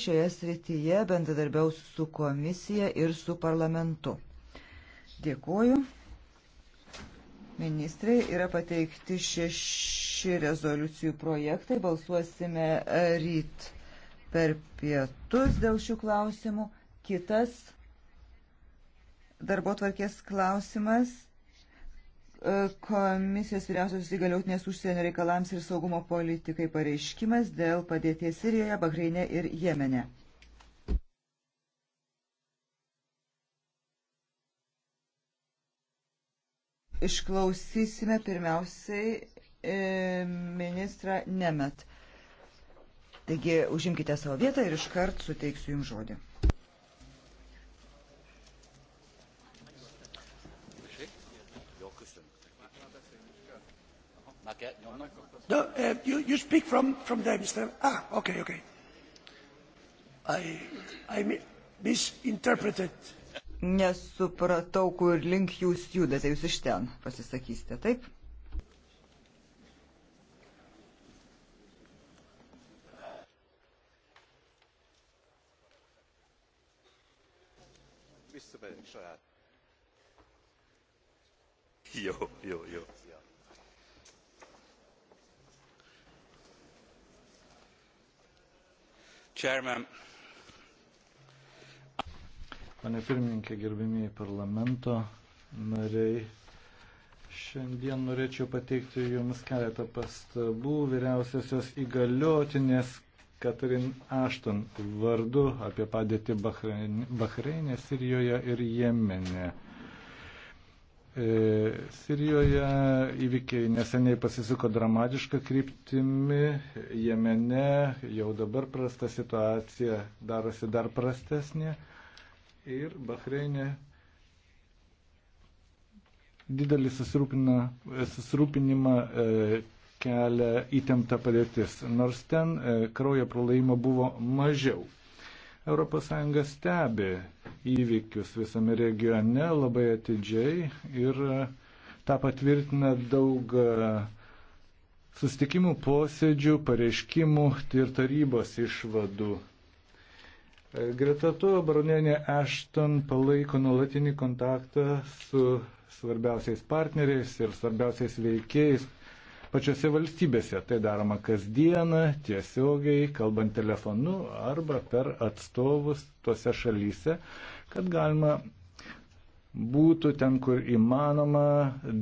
Šioje srityje bendradarbiaus su komisija ir su parlamentu. Dėkuoju. Ministrai yra pateikti šeši rezoliucijų projektai. Balsuosime ryt per pietus dėl šių klausimų. Kitas darbo tvarkės klausimas E, komisijos vyriausios įgaliotinės užsienio reikalams ir saugumo politikai pareiškimas dėl padėties Sirijoje, Bahreine ir Jemene. Išklausysime pirmiausiai e, ministrą Nemet. Taigi užimkite savo vietą ir iškart suteiksiu jums žodį. get. No, no. no uh, you, you speak from, from there, Mr. Ah, okay, okay. I, I misinterpreted. Nesupratau, kur link jūs judate, jūs iš ten pasisakysite, taip? Jó, jó, jó. Chairman. Pane pirmininkė, gerbimieji parlamento nariai, šiandien norėčiau pateikti Jums keletą pastabų vyriausiosios įgaliotinės Katarin Ašton vardu apie padėtį Bahreinė, Sirijoje ir Jemenė. E, Sirijoje įvykiai neseniai pasisuko dramatišką kryptimi, Jemene jau dabar prasta situacija darosi dar prastesnė ir Bahreinė didelį susirūpinimą e, kelia įtempta padėtis, nors ten e, kraujo pralaimo buvo mažiau. ES stebi įvykius visame regione labai atidžiai ir e, tą patvirtina daug e, sustikimų posėdžių, pareiškimų ir tarybos išvadų. E, Greta to baronienė Ashton palaiko nuolatinį kontaktą su svarbiausiais partneriais ir svarbiausiais veikėjais pačiose valstybėse. Tai daroma kasdieną, tiesiogiai, kalbant telefonu arba per atstovus tose šalyse, kad galima būtų ten, kur įmanoma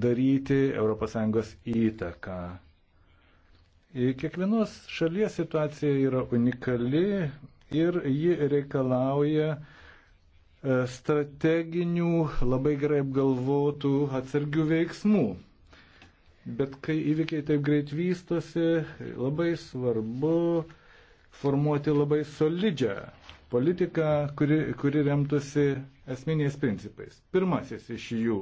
daryti ES įtaką. Kiekvienos šalies situacija yra unikali ir ji reikalauja e, strateginių, labai gerai apgalvotų, atsargių veiksmų. Bet kai įvykiai taip greit vystosi, labai svarbu formuoti labai solidžią politiką, kuri, kuri remtųsi esminiais principais. Pirmasis iš jų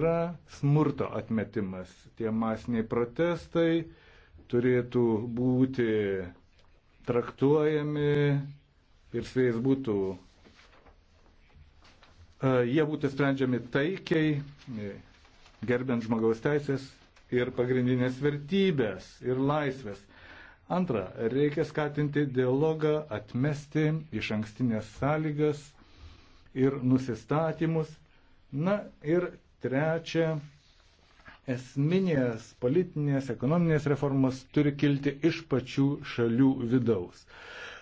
yra smurto atmetimas. Tie masiniai protestai turėtų būti traktuojami ir su jais būtų, e, jie būtų sprendžiami taikiai, gerbent žmogaus teisės ir pagrindinės vertybės ir laisvės. Antra, reikia skatinti dialogą, atmesti iš ankstinės sąlygas ir nusistatymus. Na ir trečia, esminės politinės, ekonominės reformos turi kilti iš pačių šalių vidaus.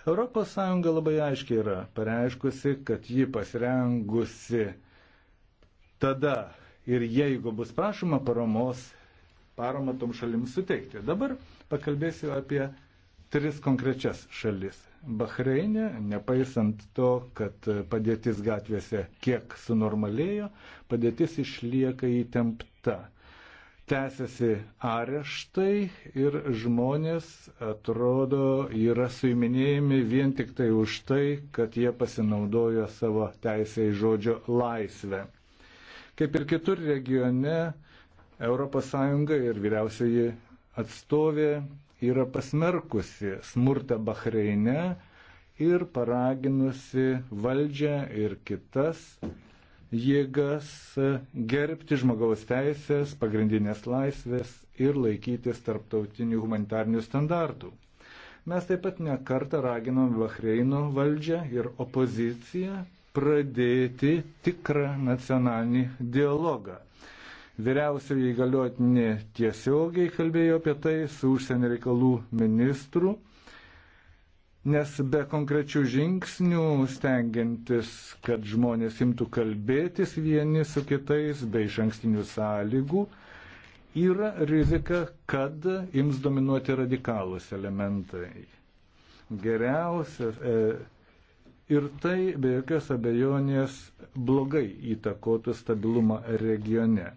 ES labai aiškiai yra pareiškusi, kad ji pasirengusi tada ir jeigu bus prašoma paramos, paramą tom šalim suteikti. Dabar pakalbėsiu apie tris konkrečias šalis. Bahreinė, nepaisant to, kad padėtis gatvėse kiek sunormalėjo, padėtis išlieka įtempta. Tęsiasi areštai ir žmonės, atrodo, yra suiminėjami vien tik tai už tai, kad jie pasinaudojo savo teisę į žodžio laisvę. Kaip ir kitur regione, ES ir vyriausioji atstovė yra pasmerkusi smurtą Bahreine ir paraginusi valdžią ir kitas jėgas gerbti žmogaus teisės, pagrindinės laisvės ir laikytis tarptautinių humanitarnių standartų. Mes taip pat nekartą raginom Bahreino valdžią ir opoziciją pradėti tikrą nacionalinį dialogą. Vyriausioji įgaliotinė tiesiogiai kalbėjo apie tai su užsienio reikalų ministru, nes be konkrečių žingsnių stengiantis, kad žmonės imtų kalbėtis vieni su kitais be iš ankstinių sąlygų, yra rizika, kad ims dominuoti radikalus elementai. Geriausias. E, Ir tai be jokios abejonės blogai įtakotų stabilumą regione.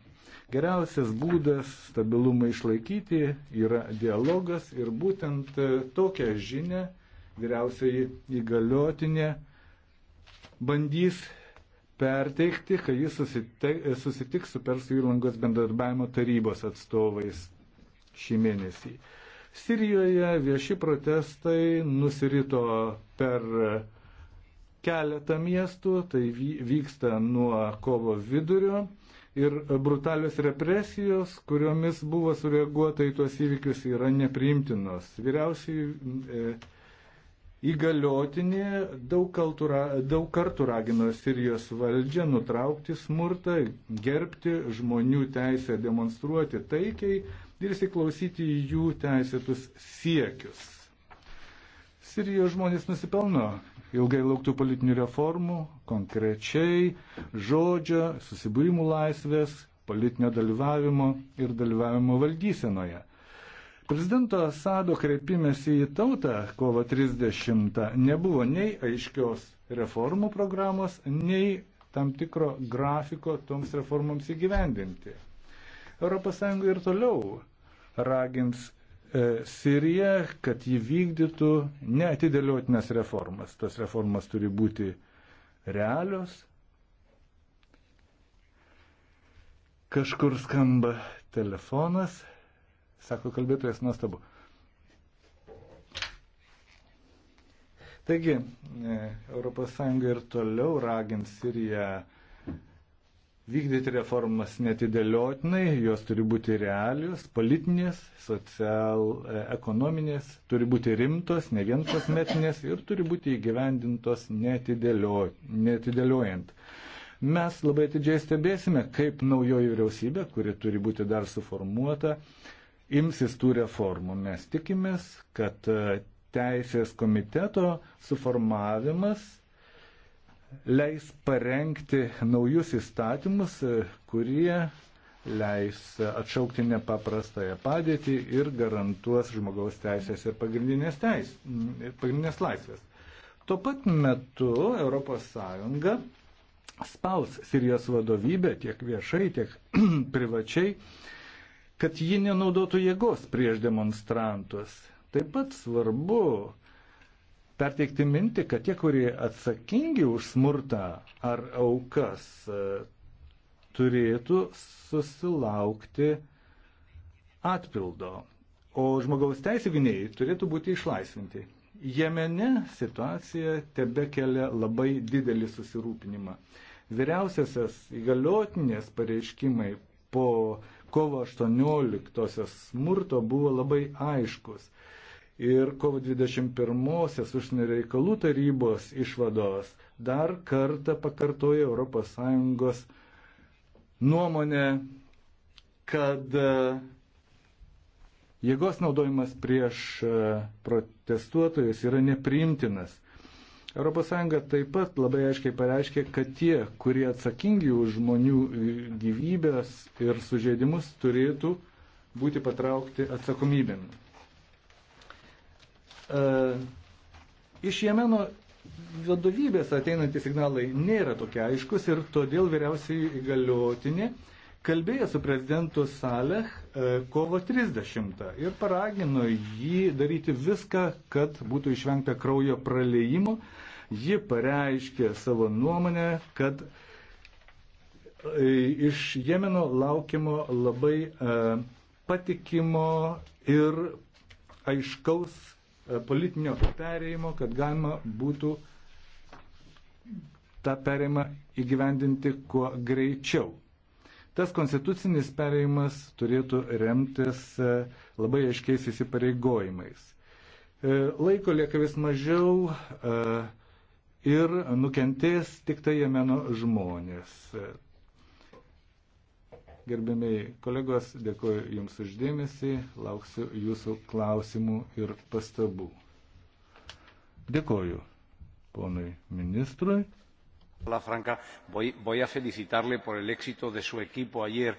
Geriausias būdas stabilumą išlaikyti yra dialogas ir būtent e, tokią žinę vyriausiai įgaliotinė bandys perteikti, kai jis susitiks su Persų įlangos bendradarbiavimo tarybos atstovais šį mėnesį. Sirijoje vieši protestai nusirito per keletą miestų, tai vyksta nuo kovo vidurio ir brutalios represijos, kuriomis buvo sureaguota į tuos įvykius, yra nepriimtinos. Vyriausiai e, įgaliotinė daug, kaltura, daug kartų ragino Sirijos valdžią nutraukti smurtą, gerbti žmonių teisę demonstruoti taikiai ir įsiklausyti į jų teisėtus siekius. Sirijos žmonės nusipelno ilgai lauktų politinių reformų, konkrečiai žodžio, susibūrimų laisvės, politinio dalyvavimo ir dalyvavimo valdysenoje. Prezidento Asado kreipimėsi į tautą kovo 30 nebuvo nei aiškios reformų programos, nei tam tikro grafiko toms reformoms įgyvendinti. ES ir toliau ragins E, Siriją, kad ji vykdytų neatidėliotinas reformas. Tas reformas turi būti realios. Kažkur skamba telefonas, sako kalbėtojas nuostabu. Taigi, ES ir toliau ragins Siriją vykdyti reformas netidėliotinai, jos turi būti realius, politinės, social-ekonominės, e, turi būti rimtos, ne vien kosmetinės ir turi būti įgyvendintos netidėliojant. Mes labai atidžiai stebėsime, kaip naujoji vyriausybė, kuri turi būti dar suformuota, imsis tų reformų. Mes tikimės, kad e, teisės komiteto suformavimas leis parengti naujus įstatymus, kurie leis atšaukti nepaprastąją padėtį ir garantuos žmogaus teisės ir pagrindinės, teis, pagrindinės laisvės. Tuo pat metu ES spaus Sirijos vadovybę tiek viešai, tiek privačiai, kad ji nenaudotų jėgos prieš demonstrantus. Taip pat svarbu, perteikti mintį, kad tie, kurie atsakingi už smurtą ar aukas, e, turėtų susilaukti atpildo, o žmogaus teisų gynėjai turėtų būti išlaisvinti. Jemene situacija tebe kelia labai didelį susirūpinimą. Vyriausiasias įgaliotinės pareiškimai po kovo 18 smurto buvo labai aiškus ir kovo 21-osios užsienio reikalų tarybos išvados dar kartą pakartoja ES nuomonę, kad e, jėgos naudojimas prieš e, protestuotojus yra nepriimtinas. ES taip pat labai aiškiai pareiškė, kad tie, kurie atsakingi už žmonių e, gyvybės ir sužeidimus, turėtų būti patraukti atsakomybėmis. E, iš Jemeno vadovybės ateinantys signalai nėra tokie aiškus ir todėl vyriausiai įgaliotinė kalbėjo su prezidentu Saleh e, kovo 30 ir paragino jį daryti viską, kad būtų išvengta kraujo praleimo. Ji pareiškė savo nuomonę, kad e, iš Jemeno laukimo labai patikimo ir aiškaus E, politinio perėjimo, kad galima būtų tą perėjimą įgyvendinti kuo greičiau. Tas konstitucinis perėjimas turėtų remtis e, labai aiškiais įsipareigojimais. E, laiko lieka vis mažiau ir nukentės tik tai Jemeno žmonės. Gerbėmiai kolegos, dėkuoju Jums uždėmesį, lauksiu Jūsų klausimų ir pastabų. Dėkuoju ponui ministrui. La franca, voy, voy a felicitarle por el éxito de su equipo ayer.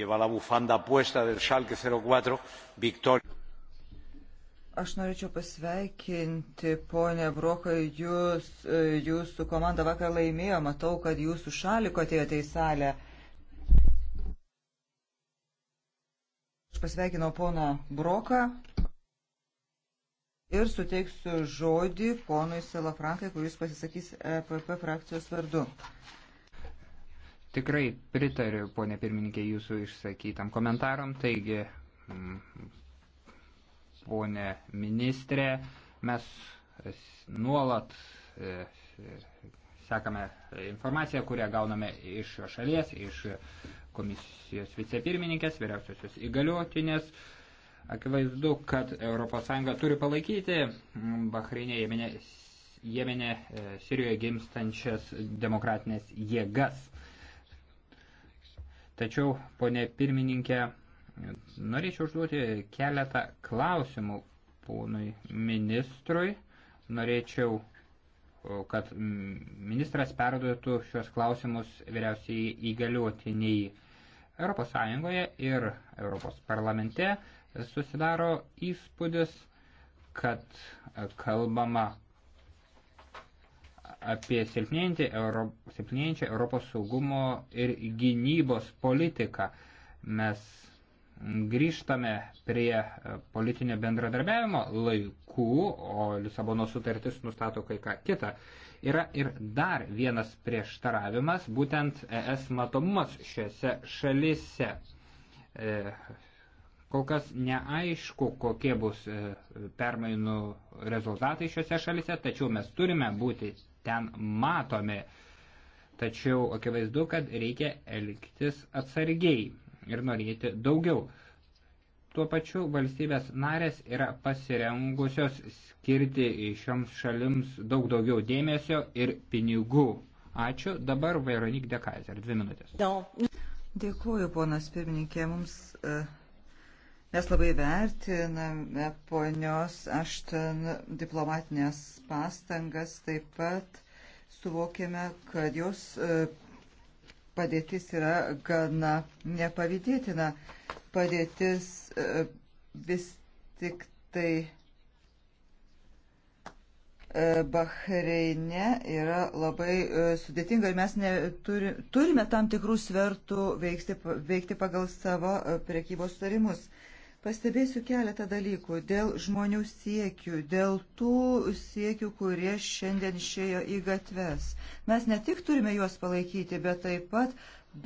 Lleva la bufanda puesta del Schalke 04, victoria. Aš norėčiau pasveikinti, ponė Brokai, jūs, e, jūsų komanda vakar laimėjo, matau, kad jūsų šaliko atėjote į salę. pasveikinau poną Broką ir suteiksiu žodį ponui Selafrankai, kuris pasisakys EPP frakcijos vardu. Tikrai pritariu, ponė pirmininkė, jūsų išsakytam komentaram. Taigi, ponė ministrė, mes nuolat e, sekame informaciją, kurią gauname iš šalies, iš komisijos vicepirmininkės, vyriausiosios įgaliotinės. Akivaizdu, kad ES turi palaikyti Bahreinė, Jemenė, Jemenė, e, Sirijoje gimstančias demokratinės jėgas. Tačiau, ponė pirmininkė, norėčiau užduoti keletą klausimų ponui ministrui. Norėčiau kad ministras perduotų šios klausimus vyriausiai įgaliuotiniai. Europos Sąjungoje ir Europos parlamente susidaro įspūdis, kad kalbama apie silpnėjančią Europos, silpnėjančią Europos saugumo ir gynybos politiką. Mes grįžtame prie e, politinio bendradarbiavimo laikų, o Lisabono sutartis nustato kai ką kitą. Yra ir dar vienas prieštaravimas, būtent ES matomumas šiuose šalise. E, kol kas neaišku, kokie bus e, permainų rezultatai šiuose šalise, tačiau mes turime būti ten matomi. Tačiau akivaizdu, kad reikia elgtis atsargiai ir norėti daugiau. Tuo pačiu valstybės narės yra pasirengusios skirti šioms šalims daug daugiau dėmesio ir pinigų. Ačiū. Dabar Veronik Dekaiser. Dvi minutės. Dėkuoju, ponas pirmininkė. Mums, e, mes labai vertiname ponios Ašten diplomatinės pastangas. Taip pat suvokėme, kad jos e, padėtis yra gana nepavydėtina. Padėtis e, vis tik tai e, Bahreine yra labai e, sudėtinga ir mes neturi, turime tam tikrų svertų veikti, veikti pagal savo prekybos sutarimus. Pastebėsiu keletą dalykų dėl žmonių siekių, dėl tų siekių, kurie šiandien išėjo į gatves. Mes ne tik turime juos palaikyti, bet taip pat,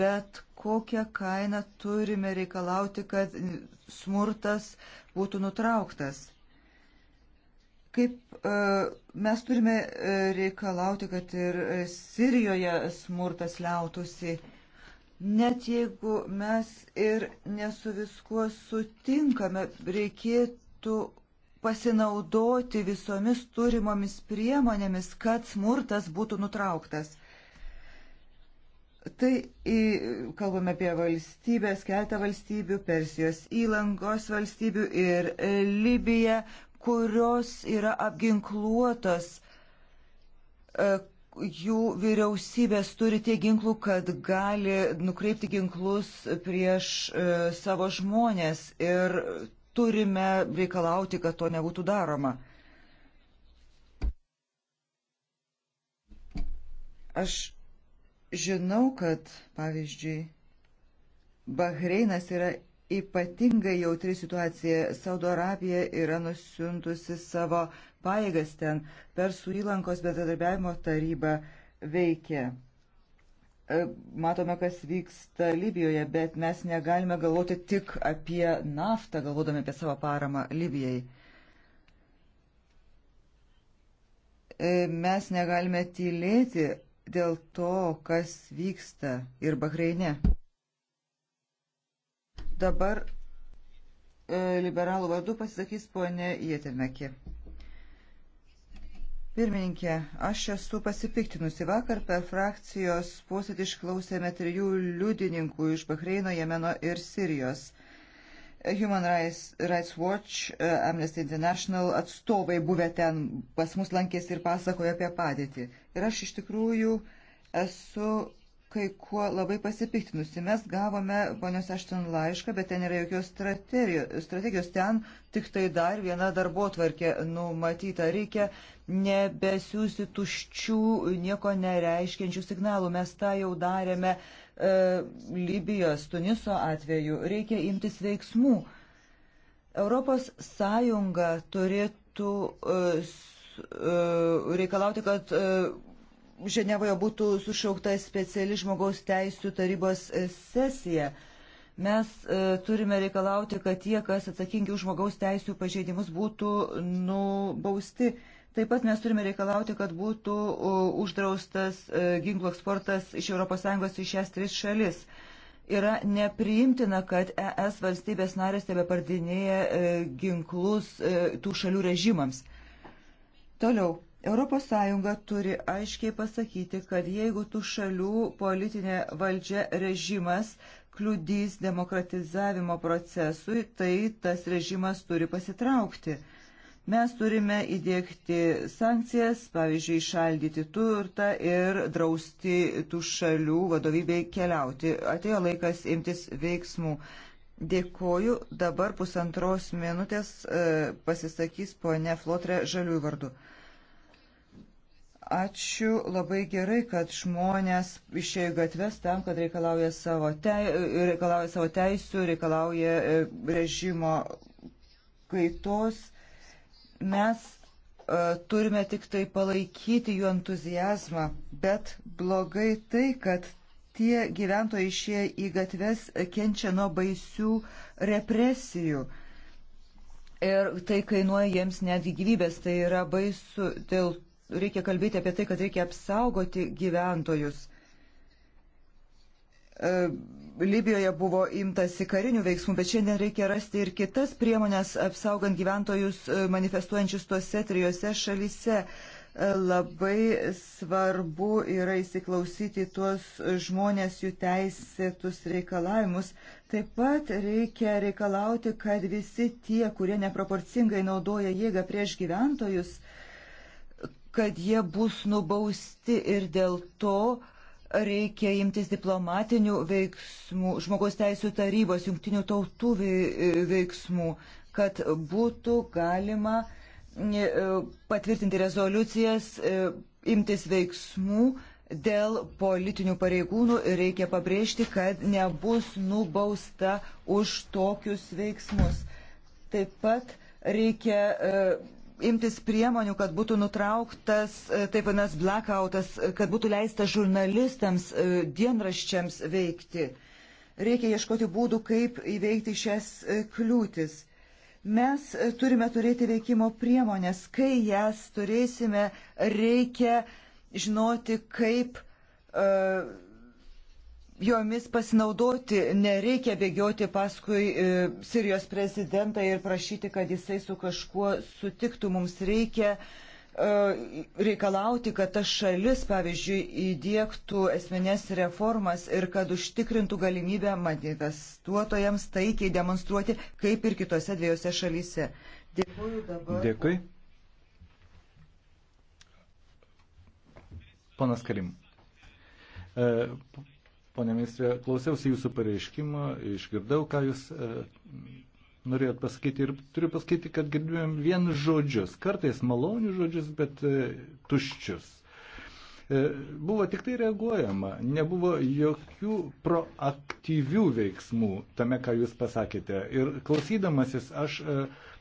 bet kokią kainą turime reikalauti, kad smurtas būtų nutrauktas. Kaip e, mes turime e, reikalauti, kad ir Sirijoje smurtas liautųsi. E, Net jeigu mes ir nesu viskuo sutinkame, reikėtų pasinaudoti visomis turimomis priemonėmis, kad smurtas būtų nutrauktas. Tai į, kalbame apie valstybės, keletą valstybių, Persijos įlangos valstybių ir Libiją, kurios yra apginkluotos e, jų vyriausybės turi tie ginklų, kad gali nukreipti ginklus prieš e, savo žmonės ir turime reikalauti, kad to nebūtų daroma. Aš žinau, kad, pavyzdžiui, Bahreinas yra ypatingai jautri situacija. Saudo Arabija yra nusiuntusi savo paėgas ten. Persų įlankos bendradarbiavimo taryba veikia. E, matome, kas vyksta Libijoje, bet mes negalime galvoti tik apie naftą, galvodami apie savo paramą Libijai. E, mes negalime tylėti dėl to, kas vyksta ir Bahreine. Dabar e, liberalų vardu pasisakys ponė Jėtelmekė. Pirmininkė, aš esu pasipiktinusi. Vakar per frakcijos posėdį išklausėme trijų liudininkų iš Bahreino, Jemeno ir Sirijos. Human Rights, Rights Watch, e, Amnesty International atstovai buvę ten pas mus lankėsi ir pasakojo apie padėtį. Ir aš iš tikrųjų esu kai kuo labai pasipiktinusi. Mes gavome ponios Ašton laišką, bet ten nėra jokios strategijos. Ten tik tai dar viena darbo tvarkė numatyta. Reikia nebesiųsti tuščių, nieko nereiškiančių signalų. Mes tą jau darėme e, Libijos, Tuniso atveju. Reikia imtis veiksmų. Europos Sąjunga turėtų e, e reikalauti, kad e, Ženevoje būtų sušaukta speciali žmogaus teisų tarybos e, sesija. Mes e, turime reikalauti, kad tie, kas atsakingi už žmogaus teisų pažeidimus, būtų nubausti. Taip pat mes turime reikalauti, kad būtų e, uždraustas e, ginklų eksportas iš ES į šias tris šalis. Yra nepriimtina, kad ES valstybės narės tebe pardinėja ginklus tų šalių režimams. Toliau, ES turi aiškiai pasakyti, kad jeigu tų šalių politinė valdžia režimas kliudys demokratizavimo procesui, tai tas režimas turi pasitraukti. Mes turime įdėkti sankcijas, pavyzdžiui, šaldyti turtą ir drausti tų šalių vadovybei keliauti. Atėjo laikas imtis veiksmų. Dėkoju. Dabar pusantros minutės e, pasisakys ponė Flotre žaliųjų vardu. Ačiū labai gerai, kad žmonės išėjo gatves tam, kad reikalauja savo, tei, reikalauja savo teisų, reikalauja e, režimo kaitos. Mes uh, turime tik tai palaikyti jų entuzijazmą, bet blogai tai, kad tie gyventojai išėję į gatves kenčia nuo baisių represijų. Ir tai kainuoja jiems netgi gyvybės, tai yra baisu dėl reikia kalbėti apie tai, kad reikia apsaugoti gyventojus. E, Libijoje buvo imtasi karinių veiksmų, bet šiandien reikia rasti ir kitas priemonės apsaugant gyventojus e, manifestuojančius tuose trijose šalyse. E, Labai svarbu yra įsiklausyti tuos žmonės jų teisėtus reikalavimus. Taip pat reikia reikalauti, kad visi tie, kurie neproporcingai naudoja jėgą prieš gyventojus, kad jie bus nubausti ir dėl to reikia imtis diplomatinių veiksmų, žmogaus teisų tarybos, jungtinių tautų veiksmų, kad būtų galima e, patvirtinti rezoliucijas, e, imtis veiksmų dėl politinių pareigūnų ir reikia pabrėžti, kad nebus nubausta už tokius veiksmus. Taip pat reikia e, imtis priemonių, kad būtų nutrauktas e, taip vienas blackoutas, e, kad būtų leista žurnalistams, e, dienraščiams veikti. Reikia ieškoti būdų, kaip įveikti šias kliūtis. Mes turime turėti veikimo priemonės. Kai jas turėsime, reikia žinoti, kaip uh, jomis pasinaudoti, nereikia bėgioti paskui e, Sirijos prezidentą ir prašyti, kad jisai su kažkuo sutiktų. Mums reikia e, reikalauti, kad ta šalis, pavyzdžiui, įdėktų esminės reformas ir kad užtikrintų galimybę manifestuotojams taikiai demonstruoti, kaip ir kitose dviejose šalyse. Dėkuoju dabar. Dėkui. Ponas Karim. E, Pone ministrė, klausiausi jūsų pareiškimo, išgirdau, ką jūs e, norėjot pasakyti ir turiu pasakyti, kad girdėjom vien žodžius, kartais malonius žodžius, bet e, tuščius. E, buvo tik tai reaguojama, nebuvo jokių proaktyvių veiksmų tame, ką jūs pasakėte. Ir klausydamasis aš e,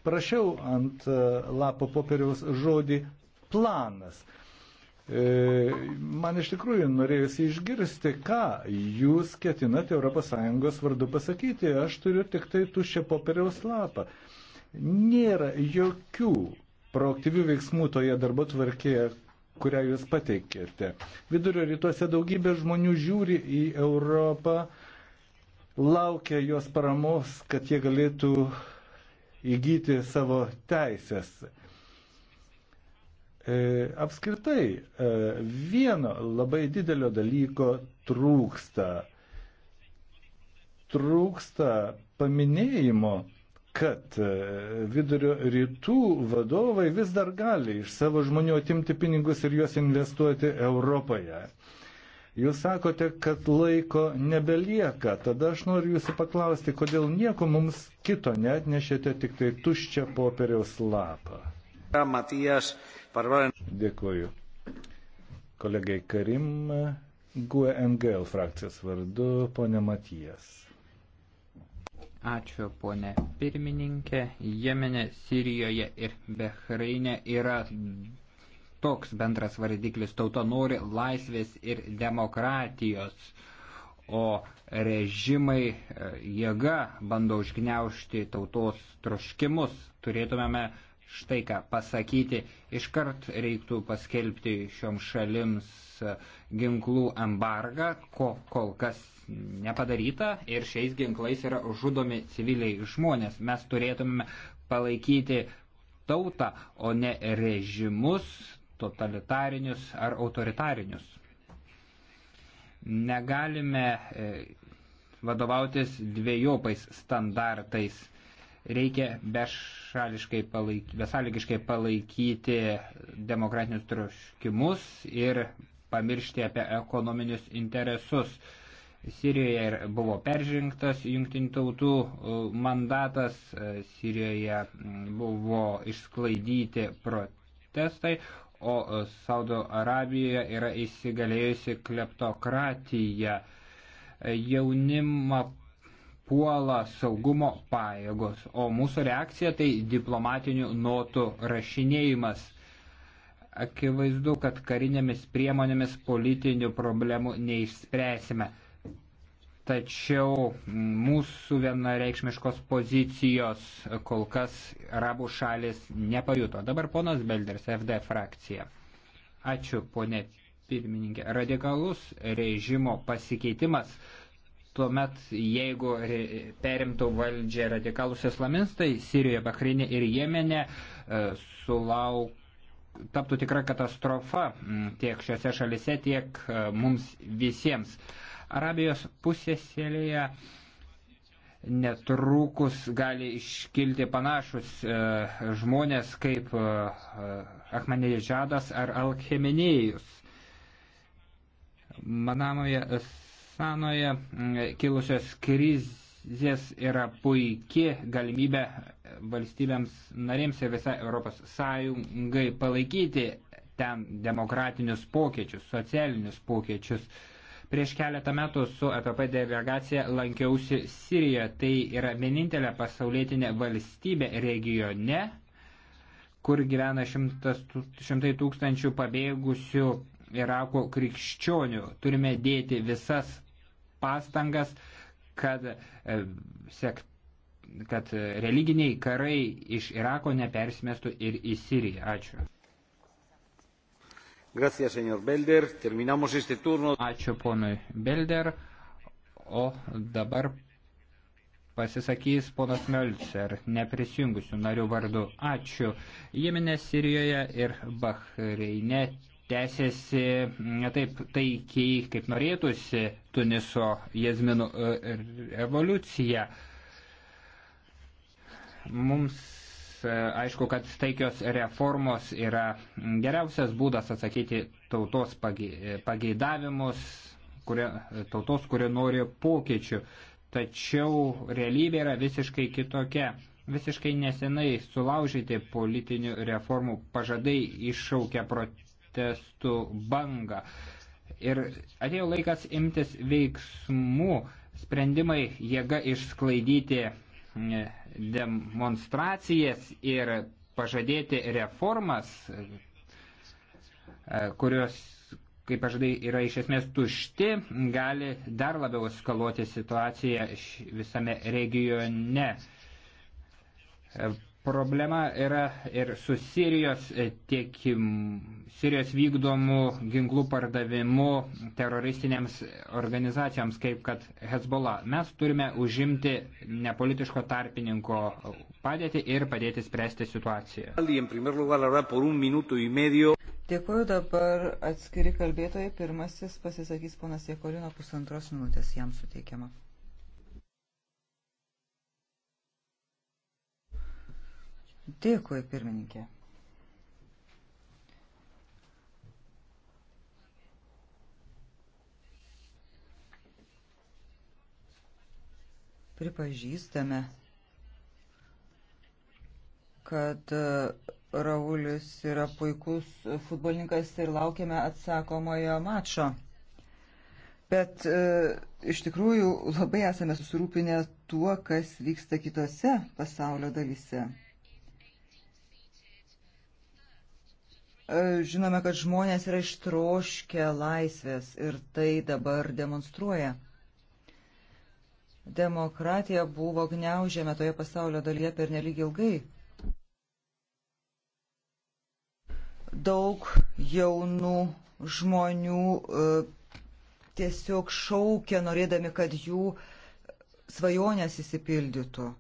prašiau ant e, lapo popieriaus žodį planas. E, man iš tikrųjų norėjusi išgirsti, ką jūs ketinate ES vardu pasakyti. Aš turiu tik tai tuščią popieriaus lapą. Nėra jokių proaktyvių veiksmų toje darbo tvarkėje, kurią jūs pateikėte. Vidurio rytuose daugybė žmonių žiūri į Europą, laukia jos paramos, kad jie galėtų įgyti savo teisės. E, apskritai e, vieno labai didelio dalyko trūksta. Trūksta paminėjimo, kad e, vidurio rytų vadovai vis dar gali iš savo žmonių atimti pinigus ir juos investuoti Europoje. Jūs sakote, kad laiko nebelieka. Tada aš noriu jūsų paklausti, kodėl nieko mums kito net nešėte tik tai tuščią popieriaus lapą. Matijas Dėkuoju. Kolegai Karim, GUNGL frakcijos vardu, ponė Matijas. Ačiū, ponė pirmininkė. Jemene, Sirijoje ir Behreinė yra toks bendras vardiklis. Tauta nori laisvės ir demokratijos, o režimai e, jėga bando užgneušti tautos troškimus. Turėtumėme štai ką pasakyti. Iškart reiktų paskelbti šioms šalims e, ginklų embargą, ko kol kas nepadaryta ir šiais ginklais yra žudomi civiliai žmonės. Mes turėtume palaikyti tautą, o ne režimus, totalitarinius ar autoritarinius. Negalime e, vadovautis dviejopais standartais Reikia bešališkai palaikyti, besąlygiškai palaikyti demokratinius troškimus ir pamiršti apie ekonominius interesus. Sirijoje buvo peržengtas jungtinių tautų e, mandatas, e, Sirijoje buvo išsklaidyti protestai, o e, Saudo Arabijoje yra įsigalėjusi kleptokratija. Jaunimą puola saugumo pajėgos, o mūsų reakcija tai diplomatinių notų rašinėjimas. Akivaizdu, kad karinėmis priemonėmis politinių problemų neišspręsime. Tačiau mūsų vienareikšmiškos pozicijos kol kas arabų šalis nepajuto. Dabar ponas Belders, FD frakcija. Ačiū, ponė pirmininkė. Radikalus režimo pasikeitimas Tuomet, jeigu perimtų valdžią radikalus islamistai, Sirijoje, Bahreinė ir Jemenė e, sulauk, taptų tikra katastrofa tiek šiuose šalise, tiek e, mums visiems. Arabijos pusėsėlėje netrukus gali iškilti panašus e, žmonės kaip e, Ahmanejadas ar Alcheminėjus. Manamoje Sanoje mm, kilusios krizės yra puikia galimybė valstybėms narėms ir visai Europos Sąjungai palaikyti ten demokratinius pokyčius, socialinius pokyčius. Prieš keletą metų su EPP delegacija lankiausi Sirijoje. Tai yra vienintelė pasaulietinė valstybė regione, kur gyvena šimtas, šimtai tūkstančių pabėgusių Irako krikščionių. Turime dėti visas pastangas, kad, e, sek, kad religiniai karai iš Irako nepersimestų ir į Siriją. Ačiū. Gracias, señor Belder. Terminamos este turno. Ačiū ponui Belder. O dabar pasisakys ponas Mölcer, neprisijungusių narių vardu. Ačiū. Jemenė Sirijoje ir Bahreine tęsiasi netaip taikiai, kaip norėtųsi Tuniso jezminų e, revoliucija. Mums e, aišku, kad taikios reformos yra geriausias būdas atsakyti tautos pageidavimus, kurie, tautos, kurie nori pokyčių. Tačiau realybė yra visiškai kitokia. Visiškai nesenai sulaužyti politinių reformų pažadai iššaukia protestus protestų bangą. Ir atėjo laikas imtis veiksmų, sprendimai jėga išsklaidyti demonstracijas ir pažadėti reformas, e, kurios, kaip pažadai, yra iš esmės tušti, gali dar labiau skaluoti situaciją visame regione e, problema yra ir su Sirijos e, tiekim, Sirijos vykdomu ginklų pardavimu teroristinėms organizacijoms, kaip kad Hezbollah. Mes turime užimti nepolitiško tarpininko padėtį ir padėti spręsti situaciją. Dėkuoju dabar atskiri kalbėtojai. Pirmasis pasisakys ponas Jekolino pusantros minutės jam suteikiama. Dėkui, pirmininkė. Pripažįstame, kad e, Raulis yra puikus futbolininkas ir laukiame atsakomojo mačo. Bet e, iš tikrųjų labai esame susirūpinę tuo, kas vyksta kitose pasaulio dalyse. E, žinome, kad žmonės yra ištroškę laisvės ir tai dabar demonstruoja. Demokratija buvo gniaužiama toje pasaulio dalyje per nelig ilgai. Daug jaunų žmonių e, tiesiog šaukia, norėdami, kad jų svajonės įsipildytų.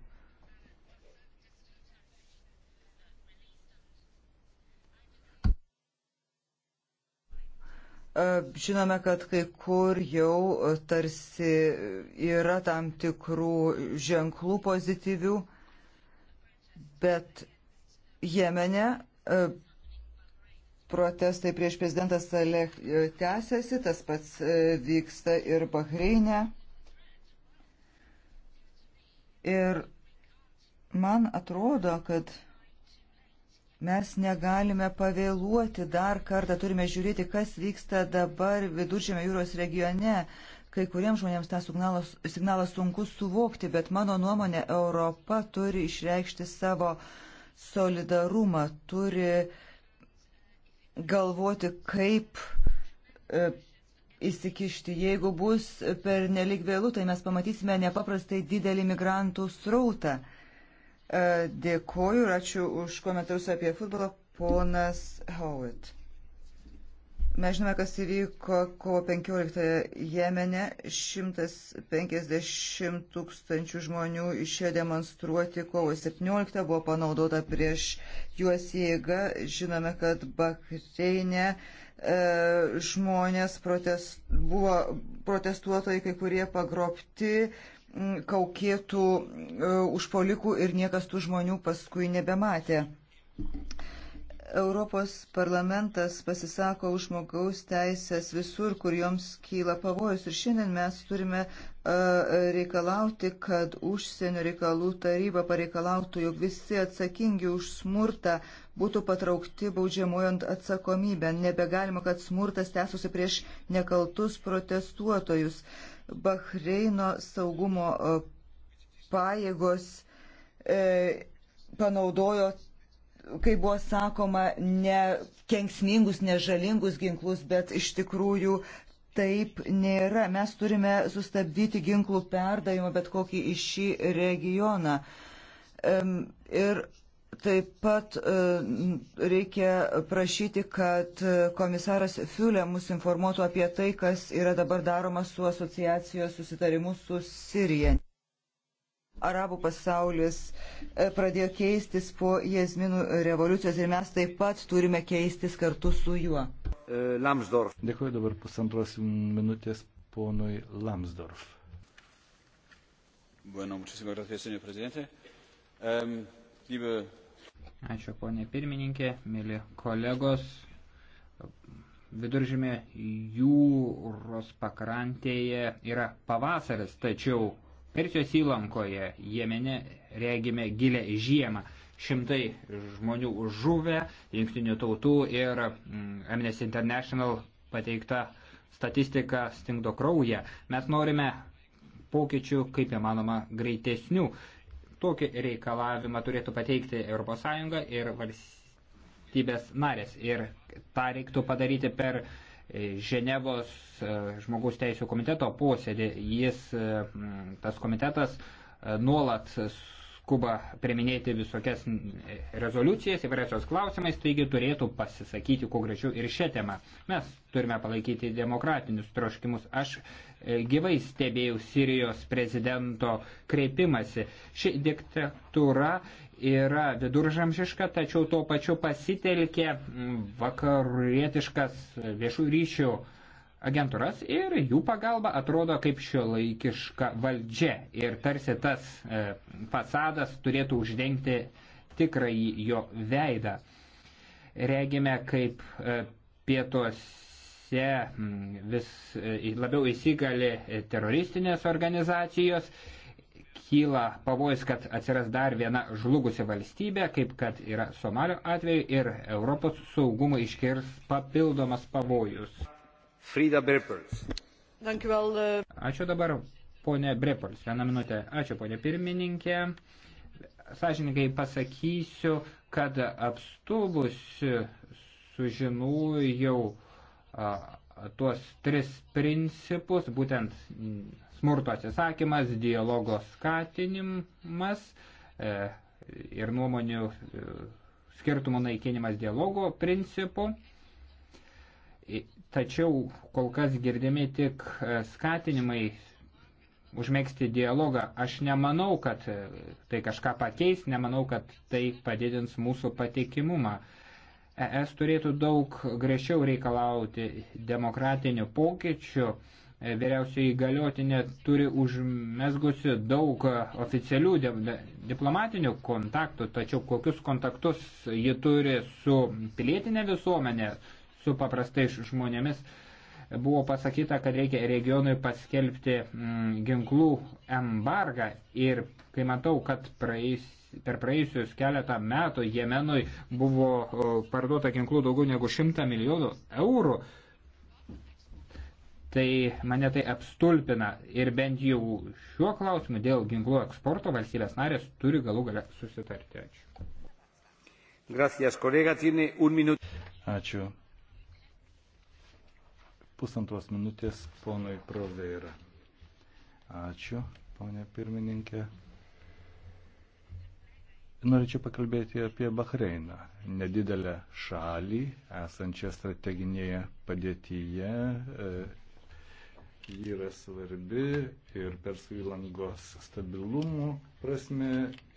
E, žinome, kad kai kur jau tarsi yra tam tikrų ženklų pozityvių, bet Jemene e, protestai prieš prezidentą Saleh e, tęsiasi, tas pats vyksta ir Bahreinė. Ir man atrodo, kad Mes negalime pavėluoti dar kartą, turime žiūrėti, kas vyksta dabar viduržėme jūros regione. Kai kuriems žmonėms tą signalą, signalą sunku suvokti, bet mano nuomonė, Europa turi išreikšti savo solidarumą, turi galvoti, kaip e, įsikišti. Jeigu bus per nelik vėlų, tai mes pamatysime nepaprastai didelį migrantų srautą. E, dėkoju ir ačiū už komentarus apie futbolą, ponas Howitt. Mes žinome, kas įvyko kovo 15 Jemene. 150 tūkstančių žmonių išėjo demonstruoti kovo 17, buvo panaudota prieš juos jėga. Žinome, kad Bahreinė e, žmonės protest, buvo protestuotojai, kai kurie pagrobti. E, kaukėtų e, užpolikų ir niekas tų žmonių paskui nebematė. Europos parlamentas pasisako už žmogaus teisės visur, kur joms kyla pavojus. Ir šiandien mes turime e, reikalauti, kad užsienio reikalų taryba pareikalautų, jog visi atsakingi už smurtą būtų patraukti baudžiamojant atsakomybę. Nebegalima, kad smurtas tęsusi prieš nekaltus protestuotojus. Uh, Bahreino saugumo e, pajėgos e, panaudojo, kaip buvo sakoma, ne kenksmingus, nežalingus ginklus, bet iš tikrųjų taip nėra. Mes turime sustabdyti ginklų perdavimą bet kokį iš šį regioną. E, ir Taip pat e, reikia prašyti, kad e, komisaras Fiulė mus informuotų apie tai, kas yra dabar daroma su asociacijos susitarimu su Sirija. Arabų pasaulis e, pradėjo keistis po jėzminų revoliucijos ir mes taip pat turime keistis kartu su juo. Lamsdorf. Dėkuoju dabar pusantros minutės ponui Lamsdorf. Bueno, muchísimas gracias, señor presidente. Um, liebe Ačiū ponė pirmininkė, mėly kolegos. Viduržymė jūros pakrantėje yra pavasaris, tačiau Persijos įlankoje Jemene regime gilę žiemą. Šimtai žmonių žuvę, jungtinių tautų ir mm, Amnesty International pateikta statistika stingdo kraują. Mes norime pokyčių kaip įmanoma greitesnių. Tokį reikalavimą turėtų pateikti ES ir valstybės narės. Ir tą reiktų padaryti per e, Ženevos e, žmogaus teisų komiteto posėdį. Jis, e, tas komitetas, nuolat skuba priminėti visokias e, rezoliucijas įvairiausios klausimais, taigi turėtų pasisakyti kuo greičiau ir šią temą. Mes turime palaikyti demokratinius troškimus. Aš e, gyvai stebėjau Sirijos prezidento kreipimasi. Ši diktatūra yra viduržamžiška, tačiau tuo pačiu pasitelkė vakarietiškas viešų ryšių agentūras ir jų pagalba atrodo kaip šio laikiška valdžia ir tarsi tas e, fasadas turėtų uždengti tikrąjį jo veidą. Regime, kaip e, pietuose vis e, labiau įsigali e, teroristinės organizacijos, kyla pavojus, kad atsiras dar viena žlugusi valstybė, kaip kad yra Somalio atveju ir Europos saugumui iškirs papildomas pavojus. Frida Brepels. Eh. Ačiū dabar, ponė Brepels. Vieną minutę. Ačiū, ponė pirmininkė. Sažininkai pasakysiu, kad apstubusiu sužinojau a, tuos tris principus, būtent smurto atsisakymas, dialogo skatinimas e, ir nuomonių e, skirtumų naikinimas dialogo principų tačiau kol kas girdimi tik e, skatinimai užmėgsti dialogą. Aš nemanau, kad e, tai kažką pakeis, nemanau, kad tai padidins mūsų patikimumą. ES turėtų daug griežčiau reikalauti demokratinių pokyčių. E, vyriausiai galiotinė turi užmesgusi daug oficialių diplomatinių kontaktų, tačiau kokius kontaktus ji turi su pilietinė visuomenė, su paprastais žmonėmis. Buvo pasakyta, kad reikia regionui paskelbti mm, ginklų embargą ir kai matau, kad praeis, per praėjusius keletą metų Jemenui buvo parduota ginklų daugiau negu 100 milijonų eurų, tai mane tai apstulpina ir bent jau šiuo klausimu dėl ginklų eksporto valstybės narės turi galų galę susitarti. Ačiū. Gracias, kolega, tiene un minut. Ačiū pusantros minutės ponui Proveira. Ačiū, ponė pirmininkė. Norėčiau pakalbėti apie Bahreiną, nedidelę šalį, esančią strateginėje padėtyje. Ji e, yra svarbi ir persų įlangos stabilumo prasme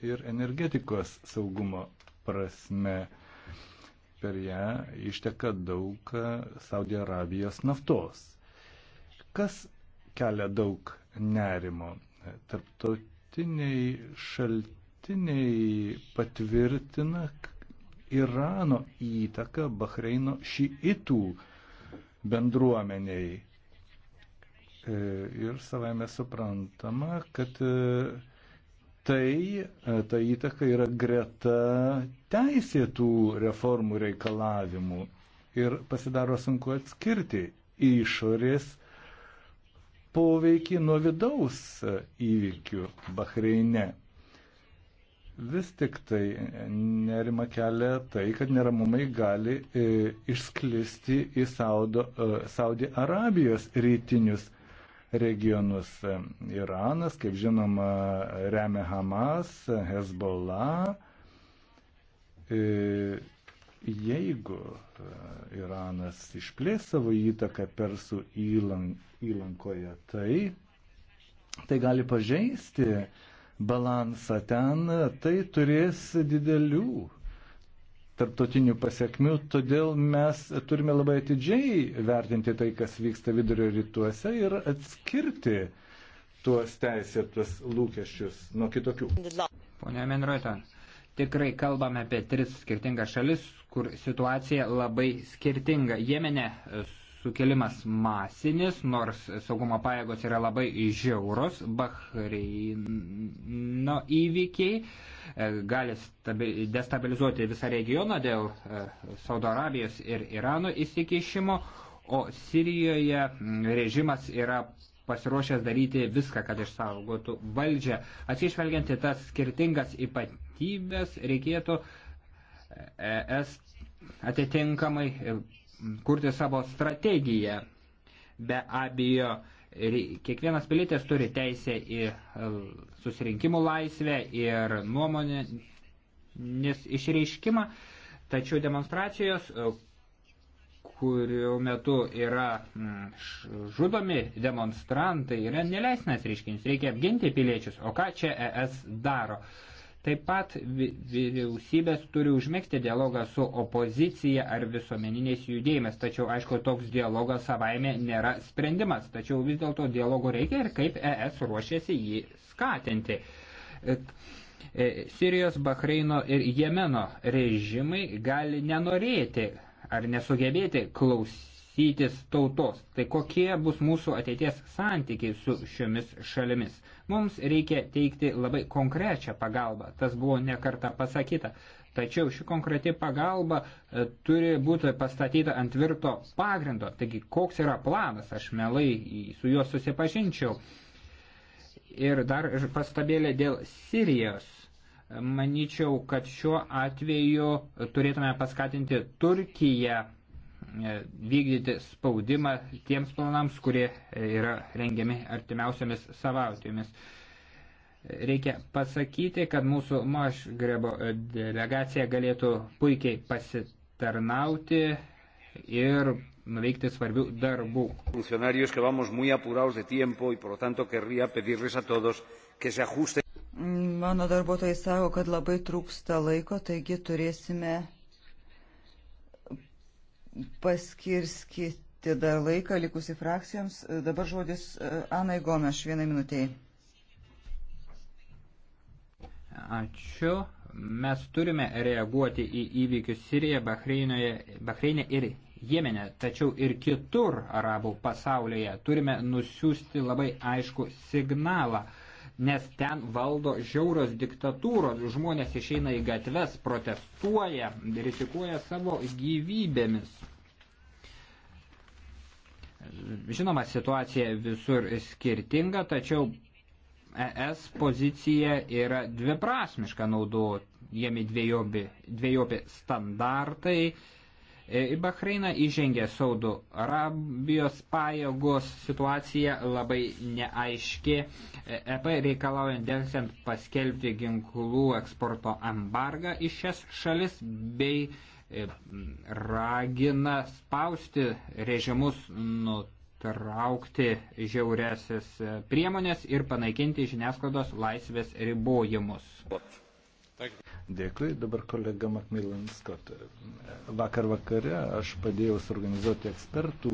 ir energetikos saugumo prasme. E, per ją išteka daug e, Saudė Arabijos naftos. Kas kelia daug nerimo? E, tarptautiniai šaltiniai patvirtina Irano įtaką Bahreino šiitų bendruomeniai. E, ir savai mes suprantama, kad tai e, ta įtaka yra greta teisėtų reformų reikalavimų ir pasidaro sunku atskirti išorės poveikį nuo vidaus e, įvykių Bahreine. Vis tik tai nerima kelia tai, kad neramumai gali e, išsklisti į Saudo, e, Saudi Arabijos rytinius regionus. Iranas, kaip žinoma, remia Hamas, Hezbollah. E, jeigu e, Iranas išplės savo įtaką persų įlankoje, tai, tai gali pažeisti balansą ten, tai turės didelių tarptautinių pasiekmių, todėl mes turime labai atidžiai vertinti tai, kas vyksta vidurio rytuose ir atskirti tuos teisėtus lūkesčius nuo kitokių. Pone Menroita, tikrai kalbame apie tris skirtingas šalis, kur situacija labai skirtinga. Jemene sukilimas masinis, nors saugumo pajėgos yra labai žiaurus, Bahreino įvykiai e, gali destabilizuoti visą regioną dėl e, Saudo Arabijos ir Irano įsikišimo, o Sirijoje režimas yra pasiruošęs daryti viską, kad išsaugotų valdžią. Atsižvelgiant į tas skirtingas ypatybės, reikėtų e, ES atitinkamai kurti savo strategiją. Be abejo, kiekvienas pilietis turi teisę į e, susirinkimų laisvę ir nuomonės išreiškimą, tačiau demonstracijos, e, kurių metu yra mm, žudomi demonstrantai, yra neleisnas reiškinys, reikia apginti piliečius, o ką čia ES daro? Taip pat vyriausybės turi užmėgti dialogą su opozicija ar visuomeniniais judėjimas, tačiau aišku, toks dialogas savaime nėra sprendimas, tačiau vis dėlto dialogo reikia ir kaip ES ruošiasi jį skatinti. E, e, Sirijos, Bahreino ir Jemeno režimai gali nenorėti ar nesugebėti klausytis tautos. Tai kokie bus mūsų ateities santykiai su šiomis šalimis? Mums reikia teikti labai konkrečią pagalbą, tas buvo nekarta pasakyta. Tačiau ši konkreti pagalba e, turi būti pastatyta ant tvirto pagrindo. Taigi, koks yra planas, aš melai su juo susipažinčiau. Ir dar pastabėlė dėl Sirijos. Maničiau, kad šiuo atveju turėtume paskatinti Turkiją E, vykdyti spaudimą tiems planams, kurie yra rengiami artimiausiamis savaitėmis. Reikia pasakyti, kad mūsų Mašgrebo delegacija galėtų puikiai pasitarnauti ir nuveikti svarbių darbų. Funcionarius, que vamos muy apurados de tiempo y por lo tanto querría pedirles a todos que se ajusten. Mano darbuotojai sako, kad labai trūksta laiko, taigi turėsime paskirskite dar laiką likusi frakcijoms. Dabar žodis e, Anai Gomeš vienai minutėjai. Ačiū. Mes turime reaguoti į įvykius Sirijoje, Bahreinė ir Jemenė, tačiau ir kitur arabų pasaulyje turime nusiųsti labai aišku signalą nes ten valdo žiaurios diktatūros, žmonės išeina į gatves, protestuoja, rizikuoja savo gyvybėmis. Žinoma, situacija visur skirtinga, tačiau ES pozicija yra dviprasmiška naudojami dviejopi, dviejopi standartai E, į Bahreiną įžengė Saudų Arabijos pajėgos, situacija labai neaiški. EP e reikalaujant dėlsiant paskelbti ginklų eksporto embargą iš šias šalis bei e, ragina spausti režimus nutraukti žiauresias priemonės ir panaikinti žiniasklaidos laisvės ribojimus. But. Dėkui, dabar kolega Macmillan Scott. Vakar vakare aš padėjau suorganizuoti ekspertų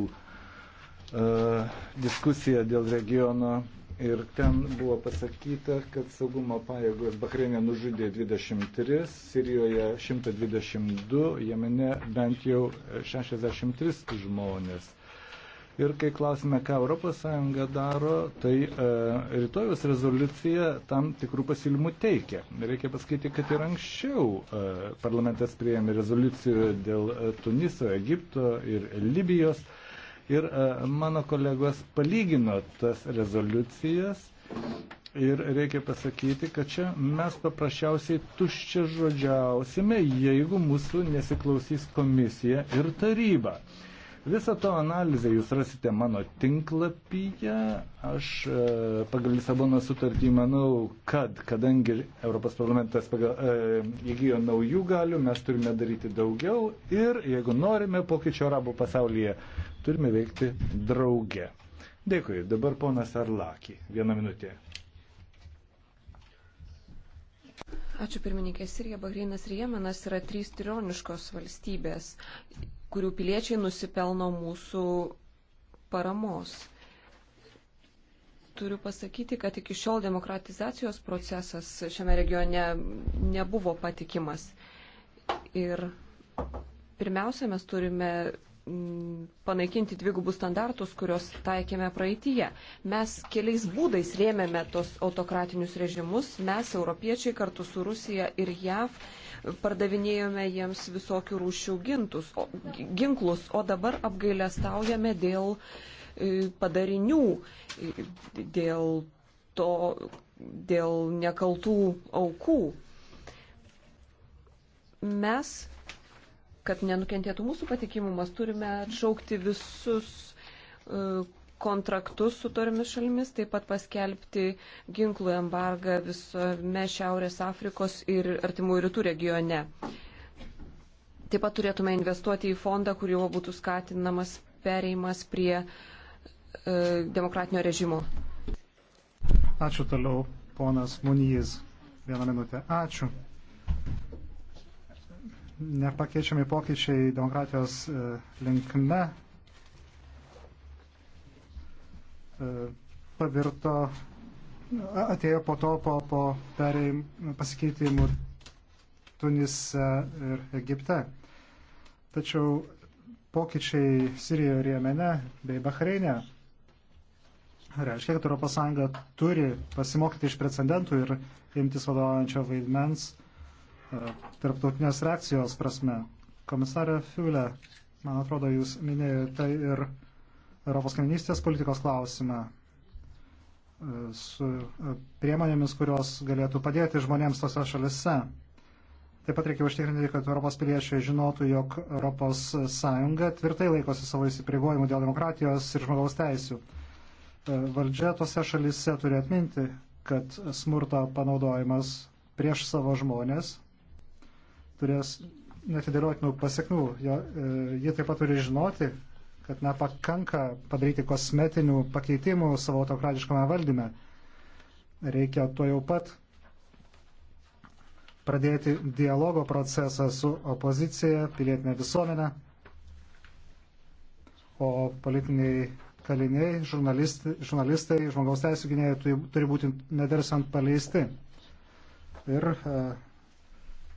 uh, diskusiją dėl regiono ir ten buvo pasakyta, kad saugumo pajėgos Bahreinė nužudė 23, Sirijoje 122, Jemene bent jau 63 žmonės. Ir kai klausime, ką ES daro, tai e, rytojus rezoliucija tam tikrų pasiūlymų teikia. Reikia pasakyti, kad ir anksčiau e, parlamentas prieėmė rezoliucijų dėl e, Tuniso, Egipto ir Libijos. Ir e, mano kolegos palygino tas rezoliucijas. Ir reikia pasakyti, kad čia mes paprasčiausiai tuščia žodžiausime, jeigu mūsų nesiklausys komisija ir taryba. E, Visą to analizę jūs rasite mano tinklapyje. Aš e, pagal Lisabono sutartį manau, kad kadangi Europos parlamentas pagal, e, įgyjo naujų galių, mes turime daryti daugiau ir jeigu norime pokyčio arabų pasaulyje, turime veikti drauge. Dėkui. Dabar ponas Arlaki. Vieną minutę. Ačiū pirmininkė. Sirija, Bahreinas ir Jemenas yra trys tironiškos valstybės, kurių piliečiai nusipelno mūsų paramos. Turiu pasakyti, kad iki šiol demokratizacijos procesas šiame regione nebuvo patikimas. Ir pirmiausia, mes turime Mm, panaikinti dvigubus standartus, kuriuos taikėme praeitie. Mes keliais būdais rėmėme tos autokratinius režimus, mes, europiečiai, kartu su Rusija ir JAV pardavinėjome jiems visokių rūšių gintus, o, ginklus, o dabar apgailestaujame dėl e, padarinių, e, dėl, to, dėl nekaltų aukų. Mes kad nenukentėtų mūsų patikimumas, turime atšaukti visus e, kontraktus su tomis šalimis, taip pat paskelbti ginklų embargą visame Šiaurės Afrikos ir Artimųjų Rytų regione. Taip pat turėtume investuoti į fondą, kuriuo būtų skatinamas pereimas prie e, demokratinio režimo. Ačiū toliau, ponas Munijas. Vieną minutę. Ačiū nepakeičiami pokyčiai demokratijos e, linkme e, pavirto, atėjo po to, po, po pasikeitimų Tunise ir Egipte. Tačiau pokyčiai Sirijoje ir Jemene bei Bahreinė reiškia, kad ES turi pasimokyti iš precedentų ir imtis vadovaujančio vaidmens tarptautinės reakcijos prasme. Komisarė Fiulė, man atrodo, jūs minėjote ir Europos kaiminystės politikos klausimą e, su e, priemonėmis, kurios galėtų padėti žmonėms tose šalise. Taip pat reikia užtikrinti, kad Europos piliečiai žinotų, jog ES tvirtai laikosi savo įsipareigojimų dėl demokratijos ir žmogaus teisių. E, valdžia tose šalise turi atminti, kad smurto panaudojimas prieš savo žmonės turės netidėliotinų pasiekmių. E, Jie taip pat turi žinoti, kad nepakanka padaryti kosmetinių pakeitimų savo autokratiškame valdyme. Reikia to jau pat pradėti dialogo procesą su opozicija, pilietinė visuomenė, o politiniai kaliniai, žurnalistai, žurnalistai žmogaus teisų gynėjai turi būti nedarsant paleisti. Ir uh,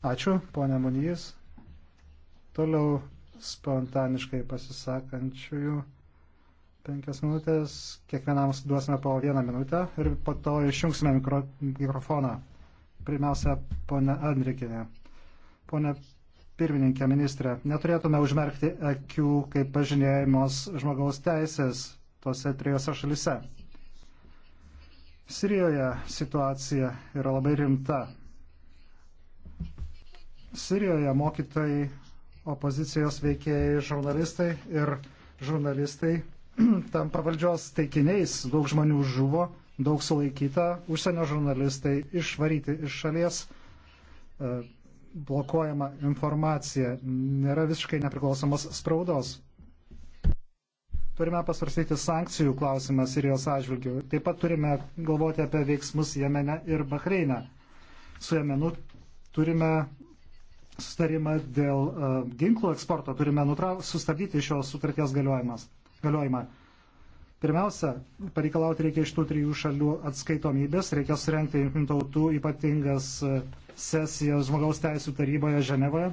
Ačiū, ponė Munijas. Toliau spontaniškai pasisakančiųjų penkias minutės. Kiekvienam duosime po vieną minutę ir po to išjungsime mikro, mikrofoną. Pirmiausia, ponė Andrikinė. Pone pirmininkė, ministrė, neturėtume užmerkti akių, kaip pažinėjimos žmogaus teisės tose trijose šalise. Sirijoje situacija yra labai rimta. Sirijoje mokytojai, opozicijos veikėjai, žurnalistai ir žurnalistai tam pavaldžios taikiniais. Daug žmonių žuvo, daug sulaikyta, užsienio žurnalistai išvaryti iš šalies, e, blokuojama informacija, nėra visiškai nepriklausomos spraudos. Turime pasvarstyti sankcijų klausimą Sirijos atžvilgių. Taip pat turime galvoti apie veiksmus Jemene ir Bahreine. Su Jemenu turime sustarimą dėl uh, ginklų eksporto, turime nutrau, sustabdyti šios sutarties galiojimą. Pirmiausia, pareikalauti reikia iš tų trijų šalių atskaitomybės, reikia surenkti jungtinių tautų ypatingas e, sesijas žmogaus teisų taryboje Ženevoje.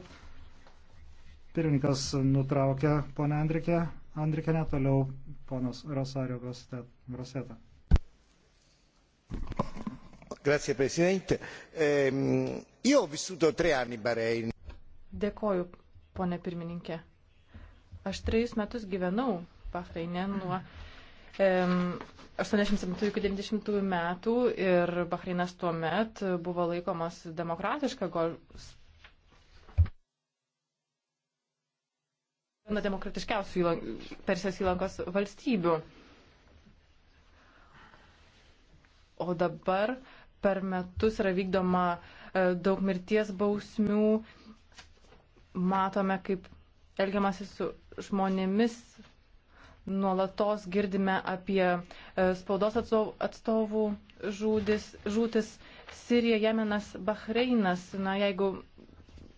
Pirmininkas nutraukė ponę Andrikę, Andrikę netoliau ponas Rosario Groseta. Grazie Presidente. Ehm, io ho vissuto tre anni Bahrein. Dėkoju, ponė pirmininkė. Aš trejus metus gyvenau Bahreine nuo um, 87 iki 90 metų ir Bahreinas tuo met buvo laikomas demokratiška golfs. Viena demokratiškiausių įlank, Persijos įlankos valstybių. O dabar per metus yra vykdoma e, daug mirties bausmių, matome, kaip elgiamasi su žmonėmis, nuolatos girdime apie e, spaudos atstovų žūdis, žūtis Sirija, Jemenas, Bahreinas. Na, jeigu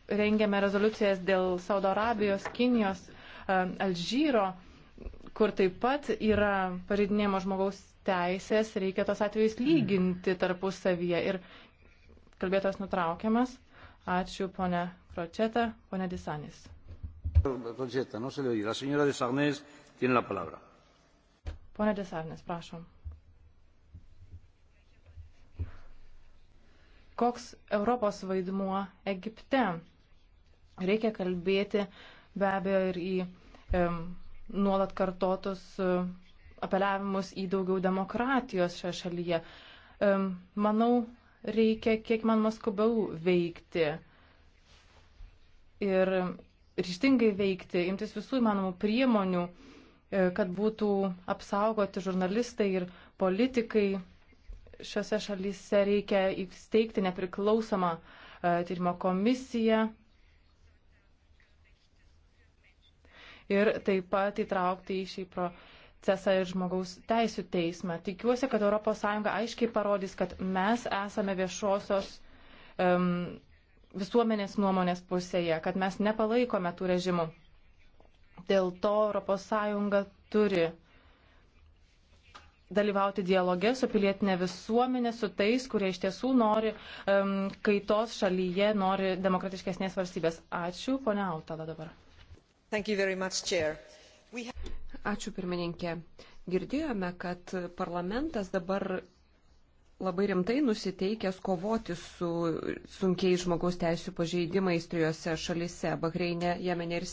rengiame rezoliucijas dėl Saudo Arabijos, Kinijos, e, Alžyro, kur taip pat yra pareidinėjimo žmogaus teisės, reikia tos atvejus mhm. lyginti tarpusavyje. Ir kalbėtas nutraukiamas. Ačiū, ponė Kročeta, ponė Disanis. Kročeta, no se le oye. La señora Desarnés tiene la palabra. Pone Desarnės, prašom. Koks Europos vaidmuo Egipte? Reikia kalbėti be abejo ir į e, nuolat kartotus e, apeliavimus į daugiau demokratijos šioje šalyje. E, manau, reikia kiek man skubiau veikti ir ryštingai veikti, imtis visų įmanomų priemonių, e, kad būtų apsaugoti žurnalistai ir politikai. Šiuose šalyse reikia įsteigti nepriklausomą e, tyrimo komisiją ir taip pat įtraukti į šį procesą ir žmogaus teisų teismą. Tikiuosi, kad ES aiškiai parodys, kad mes esame viešosios um, visuomenės nuomonės pusėje, kad mes nepalaikome tų režimų. Dėl to ES turi dalyvauti dialoge su pilietinė visuomenė, su tais, kurie iš tiesų nori um, kaitos šalyje, nori demokratiškesnės valstybės. Ačiū, ponia Autala dabar. Much, have... Ačiū, pirmininkė. Girdėjome, kad parlamentas dabar labai rimtai nusiteikęs kovoti su sunkiai žmogaus teisų pažeidimais trijose šalise - Bahreinė, Jemenė ir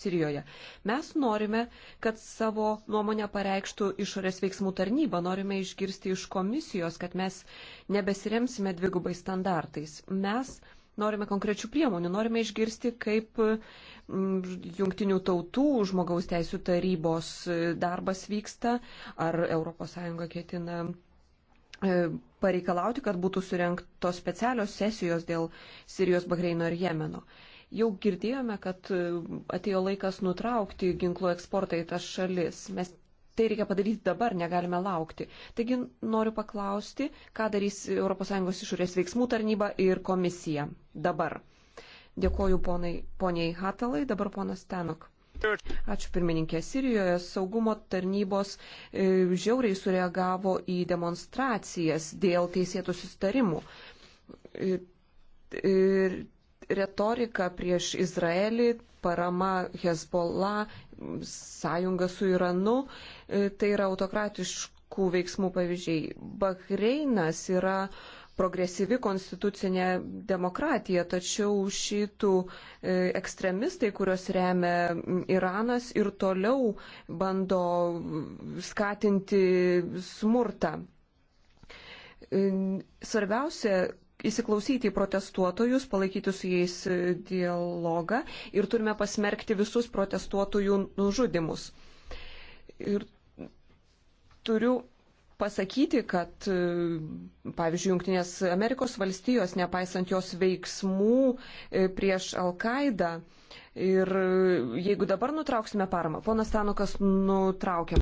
Sirijoje. Mes norime, kad savo nuomonę pareikštų išorės veiksmų tarnyba, norime išgirsti iš komisijos, kad mes nebesiremsime dvigubai standartais. Mes norime konkrečių priemonių, norime išgirsti, kaip mm, jungtinių tautų žmogaus teisų tarybos darbas vyksta, ar ES ketina E, pareikalauti, kad būtų surinktos specialios sesijos dėl Sirijos, Bahreino ir Jemeno. Jau girdėjome, kad e, atėjo laikas nutraukti ginklų eksportą į tas šalis. Mes tai reikia padaryti dabar, negalime laukti. Taigi noriu paklausti, ką darys ES išorės veiksmų tarnyba ir komisija dabar. Dėkoju ponai, poniai Hatalai, dabar ponas Tenok. Ačiū pirmininkė. Sirijoje saugumo tarnybos e, žiauriai sureagavo į demonstracijas dėl teisėtų sustarimų. E, retorika prieš Izraelį, parama Hezbollah, sąjunga su Iranu, e, tai yra autokratiškų veiksmų pavyzdžiai. Bahreinas yra uh, progresyvi konstitucinė demokratija, tačiau šitų e, ekstremistai, kuriuos remia Iranas, ir toliau bando skatinti smurtą. E, svarbiausia, įsiklausyti į protestuotojus, palaikyti su jais dialogą ir turime pasmerkti visus protestuotojų nužudimus. Ir turiu pasakyti, kad, e, pavyzdžiui, Junktinės Amerikos valstijos, nepaisant jos veiksmų e, prieš Al-Qaidą, ir e, jeigu dabar nutrauksime paramą, ponas Tanukas nutraukė.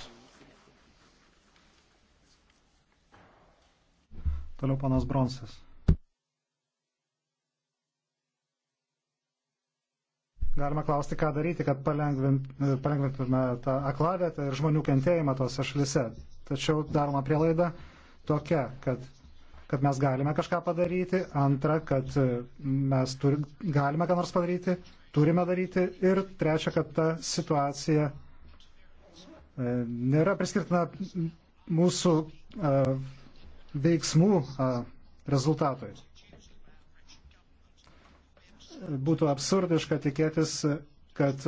Toliau panas Bronsas. Galima klausti, ką daryti, kad palengvintume tą aklavietę ir žmonių kentėjimą tose šalise. Tačiau daroma prielaida tokia, kad, kad mes galime kažką padaryti, antra, kad e, mes turi, galime ką nors padaryti, turime daryti ir trečia, kad ta situacija e, nėra priskirtina mūsų e, veiksmų rezultatui. Būtų absurdiška tikėtis, kad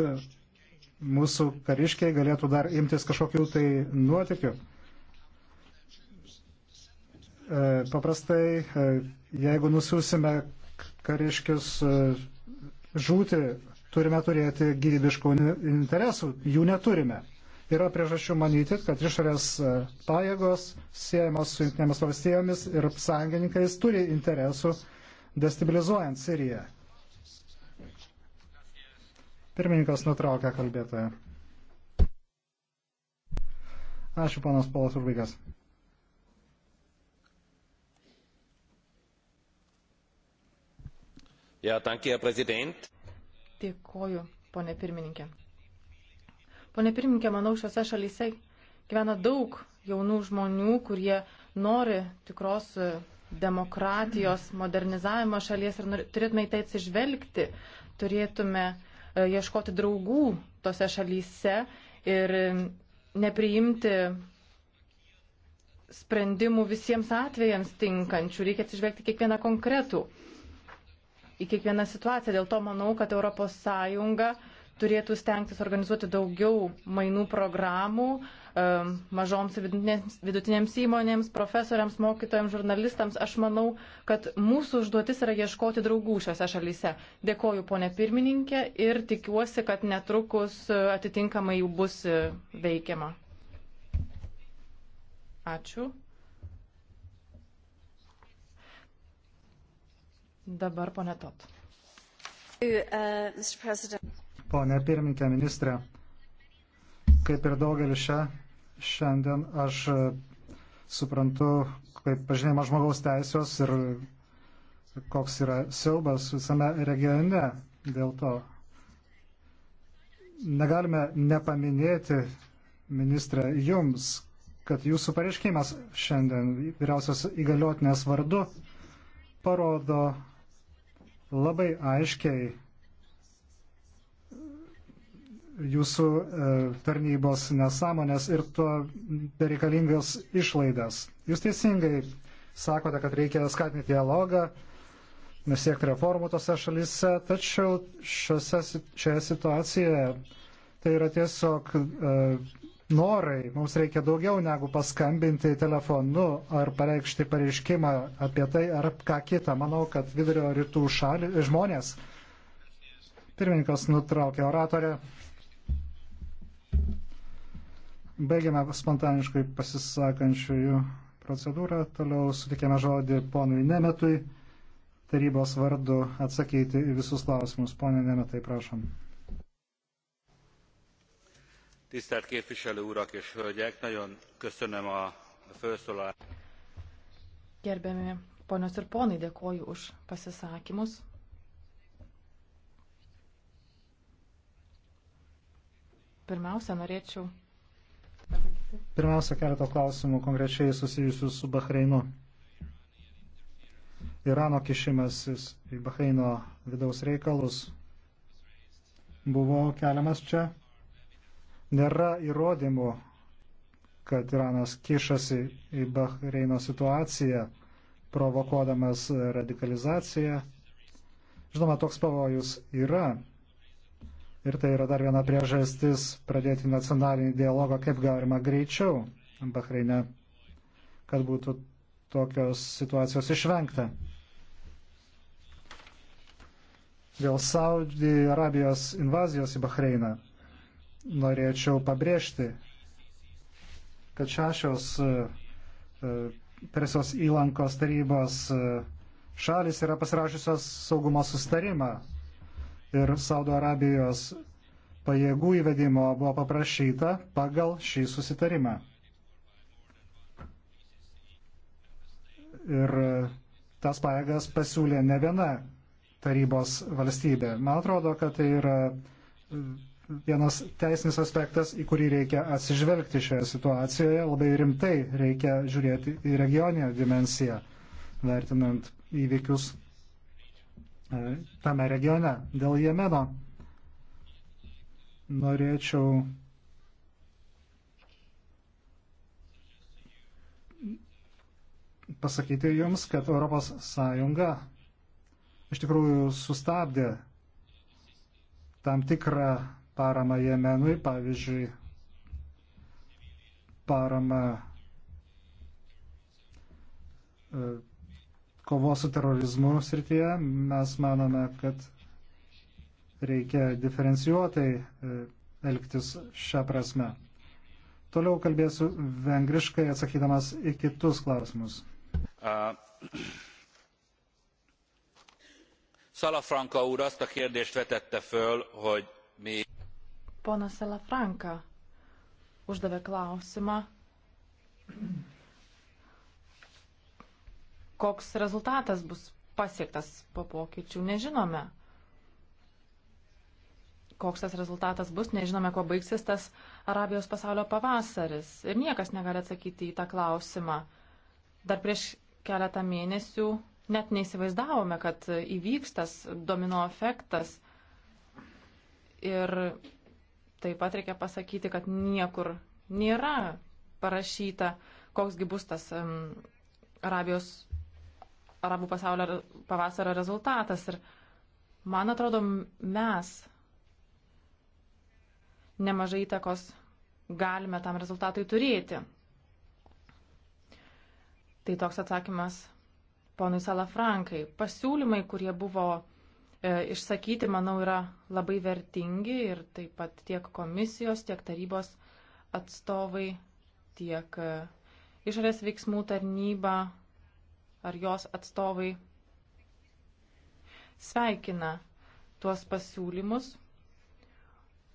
mūsų kariškiai galėtų dar imtis kažkokių tai nuotikių. E, paprastai, e, jeigu nusiusime kariškius e, žūti, turime turėti gyvybiškų interesų, jų neturime. Yra priežasčių manyti, kad išorės pajėgos siejamos su Junktinėmis valstijomis ir sąjungininkais turi interesų destabilizuojant Siriją. Pirmininkas nutraukia kalbėtoją. Ačiū, panas Polas Urbigas. Ja, danke, Herr Präsident. Dėkoju, ponė pirmininkė. Pone pirmininkė, manau, šiuose šalyse gyvena daug jaunų žmonių, kurie nori tikros e, demokratijos modernizavimo šalies ir turėtume į tai atsižvelgti, turėtume e, ieškoti draugų tose šalyse ir e, nepriimti sprendimų visiems atvejams tinkančių, reikia atsižvelgti kiekvieną konkretų į kiekvieną situaciją. Dėl to manau, kad ES turėtų stengtis organizuoti daugiau mainų programų mažoms ir vidutinėms įmonėms, profesoriams, mokytojams, žurnalistams. Aš manau, kad mūsų užduotis yra ieškoti draugų šiose šalyse. Dėkoju, ponė pirmininkė, ir tikiuosi, kad netrukus atitinkamai jų bus veikiama. Ačiū. Dabar ponė Tot. Uh, pone pirmininkė ministrė, kaip ir daugelis čia, šiandien aš uh, suprantu, kaip pažinėjama žmogaus teisės ir koks yra siaubas visame regione dėl to. Negalime nepaminėti, ministrė, jums, kad jūsų pareiškimas šiandien vyriausios įgaliotinės vardu parodo labai aiškiai jūsų e, tarnybos nesąmonės ir to bereikalingas išlaidas. Jūs teisingai sakote, kad reikia skatinti dialogą, siekti reformų tose šalise, tačiau šiose, šioje situacijoje tai yra tiesiog e, norai. Mums reikia daugiau negu paskambinti telefonu ar pareikšti pareiškimą apie tai ar ką kitą. Manau, kad vidurio rytų šali, žmonės. Pirmininkas nutraukė oratorę. Baigiame spontaniškai pasisakančiųjų procedūrą. Toliau sutikėme žodį ponui Nemetui tarybos vardu atsakyti į visus klausimus. Pone Nemetai, prašom tisztelt képviselő urak és hölgyek! nagyon köszönöm a felszólalást. gerbiami ponios ir ponai dėkoju už pasisakymus. Pirmiausia, norėčiau. Pirmiausia, keletą klausimų konkrečiai susijusių su Bahreinu. Irano kišimasis į Bahreino vidaus reikalus buvo keliamas čia Nėra įrodymų, kad Iranas kišasi į Bahreino situaciją, provokuodamas radikalizaciją. Žinoma, toks pavojus yra. Ir tai yra dar viena priežastis pradėti nacionalinį dialogą kaip galima greičiau Bahreine, kad būtų tokios situacijos išvengta. Dėl Saudi Arabijos invazijos į Bahreiną norėčiau pabrėžti, kad šešios e, e, Persijos įlankos tarybos e, šalis yra pasirašusios saugumo sustarimą ir Saudo Arabijos pajėgų įvedimo buvo paprašyta pagal šį susitarimą. Ir tas pajėgas pasiūlė ne viena tarybos valstybė. Man atrodo, kad tai yra vienas teisinis aspektas, į kurį reikia atsižvelgti šioje situacijoje. Labai rimtai reikia žiūrėti į regioninę dimensiją, vertinant įvykius e, tame regione. Dėl Jemeno norėčiau pasakyti Jums, kad ES iš tikrųjų sustabdė tam tikrą paramą Jemenui, pavyzdžiui, paramą e, kovos su terorizmu srityje. Mes manome, kad reikia diferencijuotai e, elgtis šią prasme. Toliau kalbėsiu vengriškai atsakydamas į kitus klausimus. Uh. Salafranka úr azt a kérdést vetette föl, hogy mi... Ponas Salafranka uždavė klausimą, koks rezultatas bus pasiektas po pokyčių, nežinome. Koks tas rezultatas bus, nežinome, kuo baigsis tas Arabijos pasaulio pavasaris. Ir niekas negali atsakyti į tą klausimą. Dar prieš keletą mėnesių net neįsivaizdavome, kad įvyks tas domino efektas. Ir Taip pat reikia pasakyti, kad niekur nėra parašyta, koksgi bus tas um, Arabijos, Arabų pasaulio pavasario rezultatas. Ir man atrodo, mes nemažai įtakos galime tam rezultatui turėti. Tai toks atsakymas ponui Salafrankai. Pasiūlymai, kurie buvo E, išsakyti, manau, yra labai vertingi ir taip pat tiek komisijos, tiek tarybos atstovai, tiek e, išorės veiksmų tarnyba ar jos atstovai sveikina tuos pasiūlymus.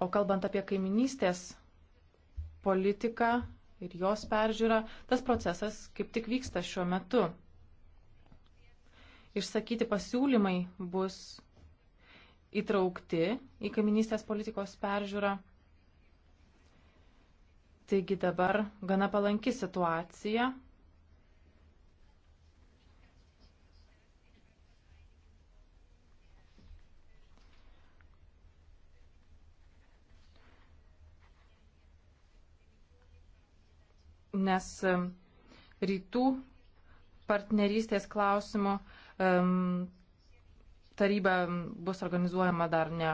O kalbant apie kaiminystės politiką ir jos peržiūrą, tas procesas kaip tik vyksta šiuo metu. Išsakyti pasiūlymai bus įtraukti į kaiminystės politikos peržiūrą. Taigi dabar gana palanki situacija. Nes um, rytų partnerystės klausimų um, taryba bus organizuojama dar ne,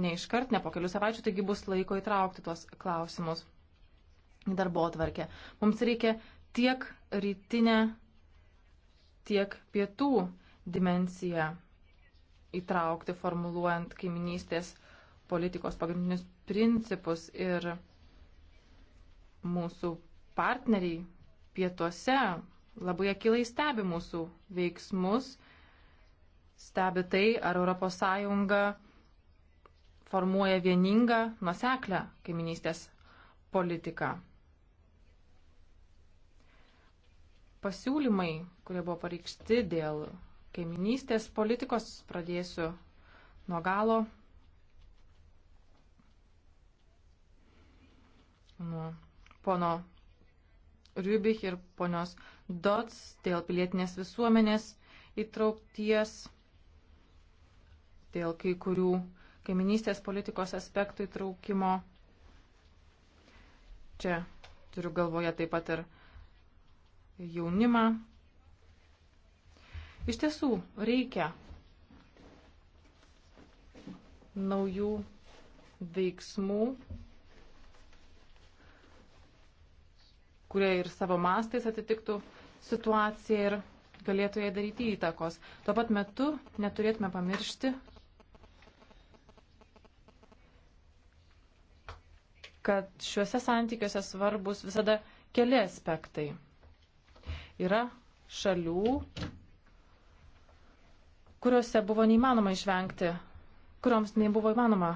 ne iškart, ne po kelių savaičių, taigi bus laiko įtraukti tuos klausimus į darbo atvarkę. Mums reikia tiek rytinę, tiek pietų dimensiją įtraukti, formuluojant kaiminystės politikos pagrindinius principus ir mūsų partneriai pietuose labai akilai stebi mūsų veiksmus stebi tai, ar ES formuoja vieningą, nuseklę kaiminystės politiką. Pasiūlymai, kurie buvo pareikšti dėl kaiminystės politikos, pradėsiu nuo galo, nuo pono Rybich ir ponios Dots dėl pilietinės visuomenės įtraukties dėl kai kurių kaiminystės politikos aspektų įtraukimo. Čia turiu galvoje taip pat ir jaunimą. Iš tiesų reikia naujų veiksmų, kurie ir savo mastais atitiktų situaciją ir galėtų jai daryti įtakos. Tuo pat metu neturėtume pamiršti kad šiuose santykiuose svarbus visada keli aspektai. Yra šalių, kuriuose buvo neįmanoma išvengti, kurioms nebuvo įmanoma,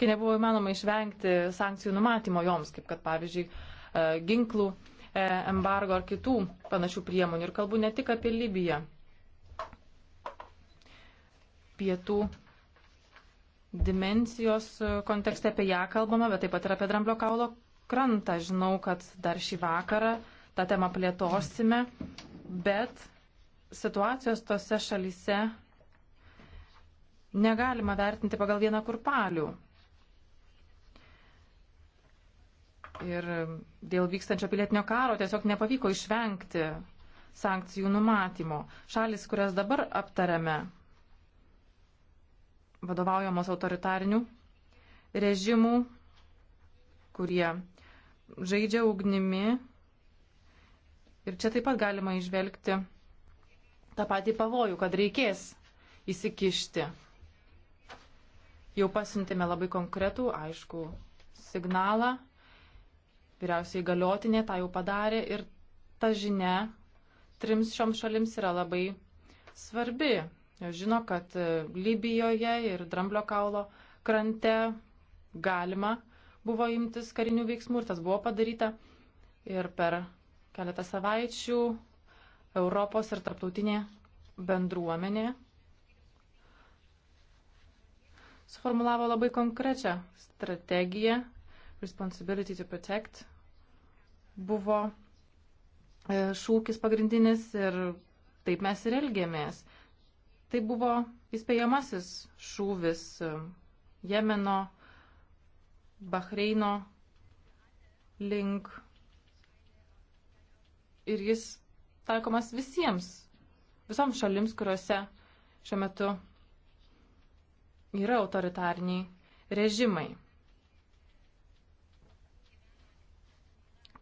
kai nebuvo įmanoma išvengti sankcijų numatymo joms, kaip kad pavyzdžiui e, ginklų e, embargo ar kitų panašių priemonių. Ir kalbu ne tik apie Libiją. Pietų dimensijos e, kontekste apie ją kalbama, bet taip pat ir apie Dramblio kaulo krantą. Žinau, kad dar šį vakarą tą temą plėtosime, bet situacijos tose šalyse negalima vertinti pagal vieną kurpalių. Ir dėl vykstančio pilietinio karo tiesiog nepavyko išvengti sankcijų numatymo. Šalis, kurias dabar aptariame, vadovaujamos autoritarinių režimų, kurie žaidžia ugnimi. Ir čia taip pat galima išvelgti tą patį pavojų, kad reikės įsikišti. Jau pasintėme labai konkretų, aišku, signalą. Vyriausiai galiotinė tą jau padarė ir ta žinia trims šioms šalims yra labai svarbi žino, kad e, Libijoje ir Dramblio kaulo krante galima buvo imtis karinių veiksmų ir tas buvo padaryta. Ir per keletą savaičių Europos ir tarptautinė bendruomenė suformulavo labai konkrečią strategiją Responsibility to Protect. Buvo e, šūkis pagrindinis ir taip mes ir elgėmės. Tai buvo įspėjamasis šūvis um, Jemeno, Bahreino link. Ir jis taikomas visiems, visoms šalims, kuriuose šiuo metu yra autoritariniai režimai.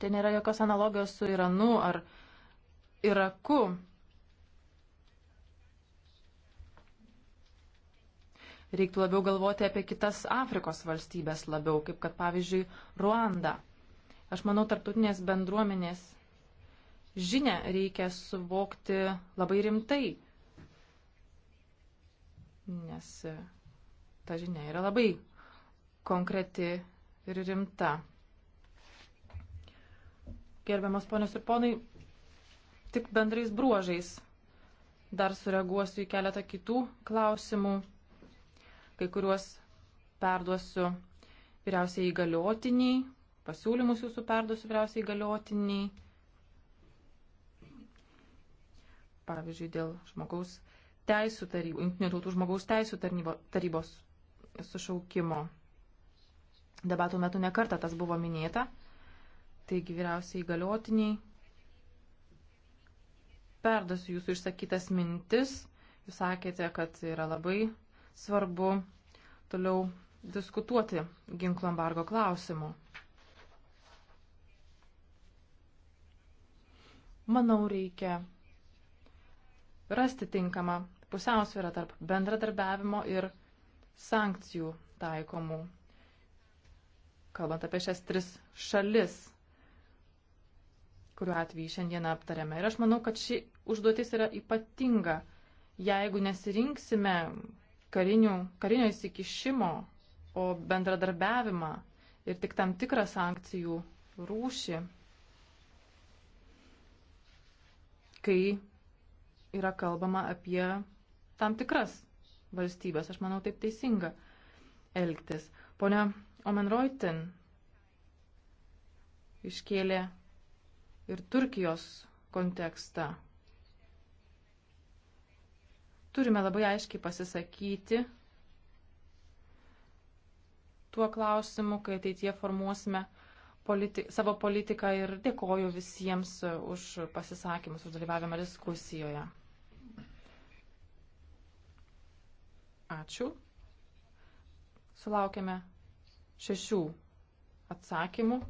Tai nėra jokios analogijos su Iranu ar Iraku. Reiktų labiau galvoti apie kitas Afrikos valstybės labiau, kaip kad pavyzdžiui Ruanda. Aš manau, tarptautinės bendruomenės žinę reikia suvokti labai rimtai, nes ta žinia yra labai konkreti ir rimta. Gerbiamas ponios ir ponai, tik bendrais bruožais dar sureaguosiu į keletą kitų klausimų kai kuriuos perduosiu vyriausiai įgaliotiniai, pasiūlymus jūsų perduosiu vyriausiai įgaliotiniai. Pavyzdžiui, dėl žmogaus teisų tarybos, jungtinių tautų žmogaus teisų tarnybo, tarybos sušaukimo. Debatų metu nekarta tas buvo minėta. Taigi vyriausiai įgaliotiniai. Perdosiu jūsų išsakytas mintis. Jūs sakėte, kad yra labai svarbu toliau diskutuoti ginklų embargo klausimu. Manau, reikia rasti tinkamą pusiausvyrą tarp bendradarbiavimo ir sankcijų taikomų. Kalbant apie šias tris šalis, kuriuo atveju šiandieną aptarėme. Ir aš manau, kad ši užduotis yra ypatinga. Jeigu nesirinksime karinių, karinio įsikišimo, o bendradarbiavimą ir tik tam tikrą sankcijų rūšį, kai yra kalbama apie tam tikras valstybės. Aš manau, taip teisinga elgtis. Pone Omenroitin iškėlė ir Turkijos kontekstą turime labai aiškiai pasisakyti tuo klausimu, kai ateitie formuosime politi savo politiką ir dėkoju visiems už pasisakymus, už dalyvavimą diskusijoje. Ačiū. Sulaukėme šešių atsakymų.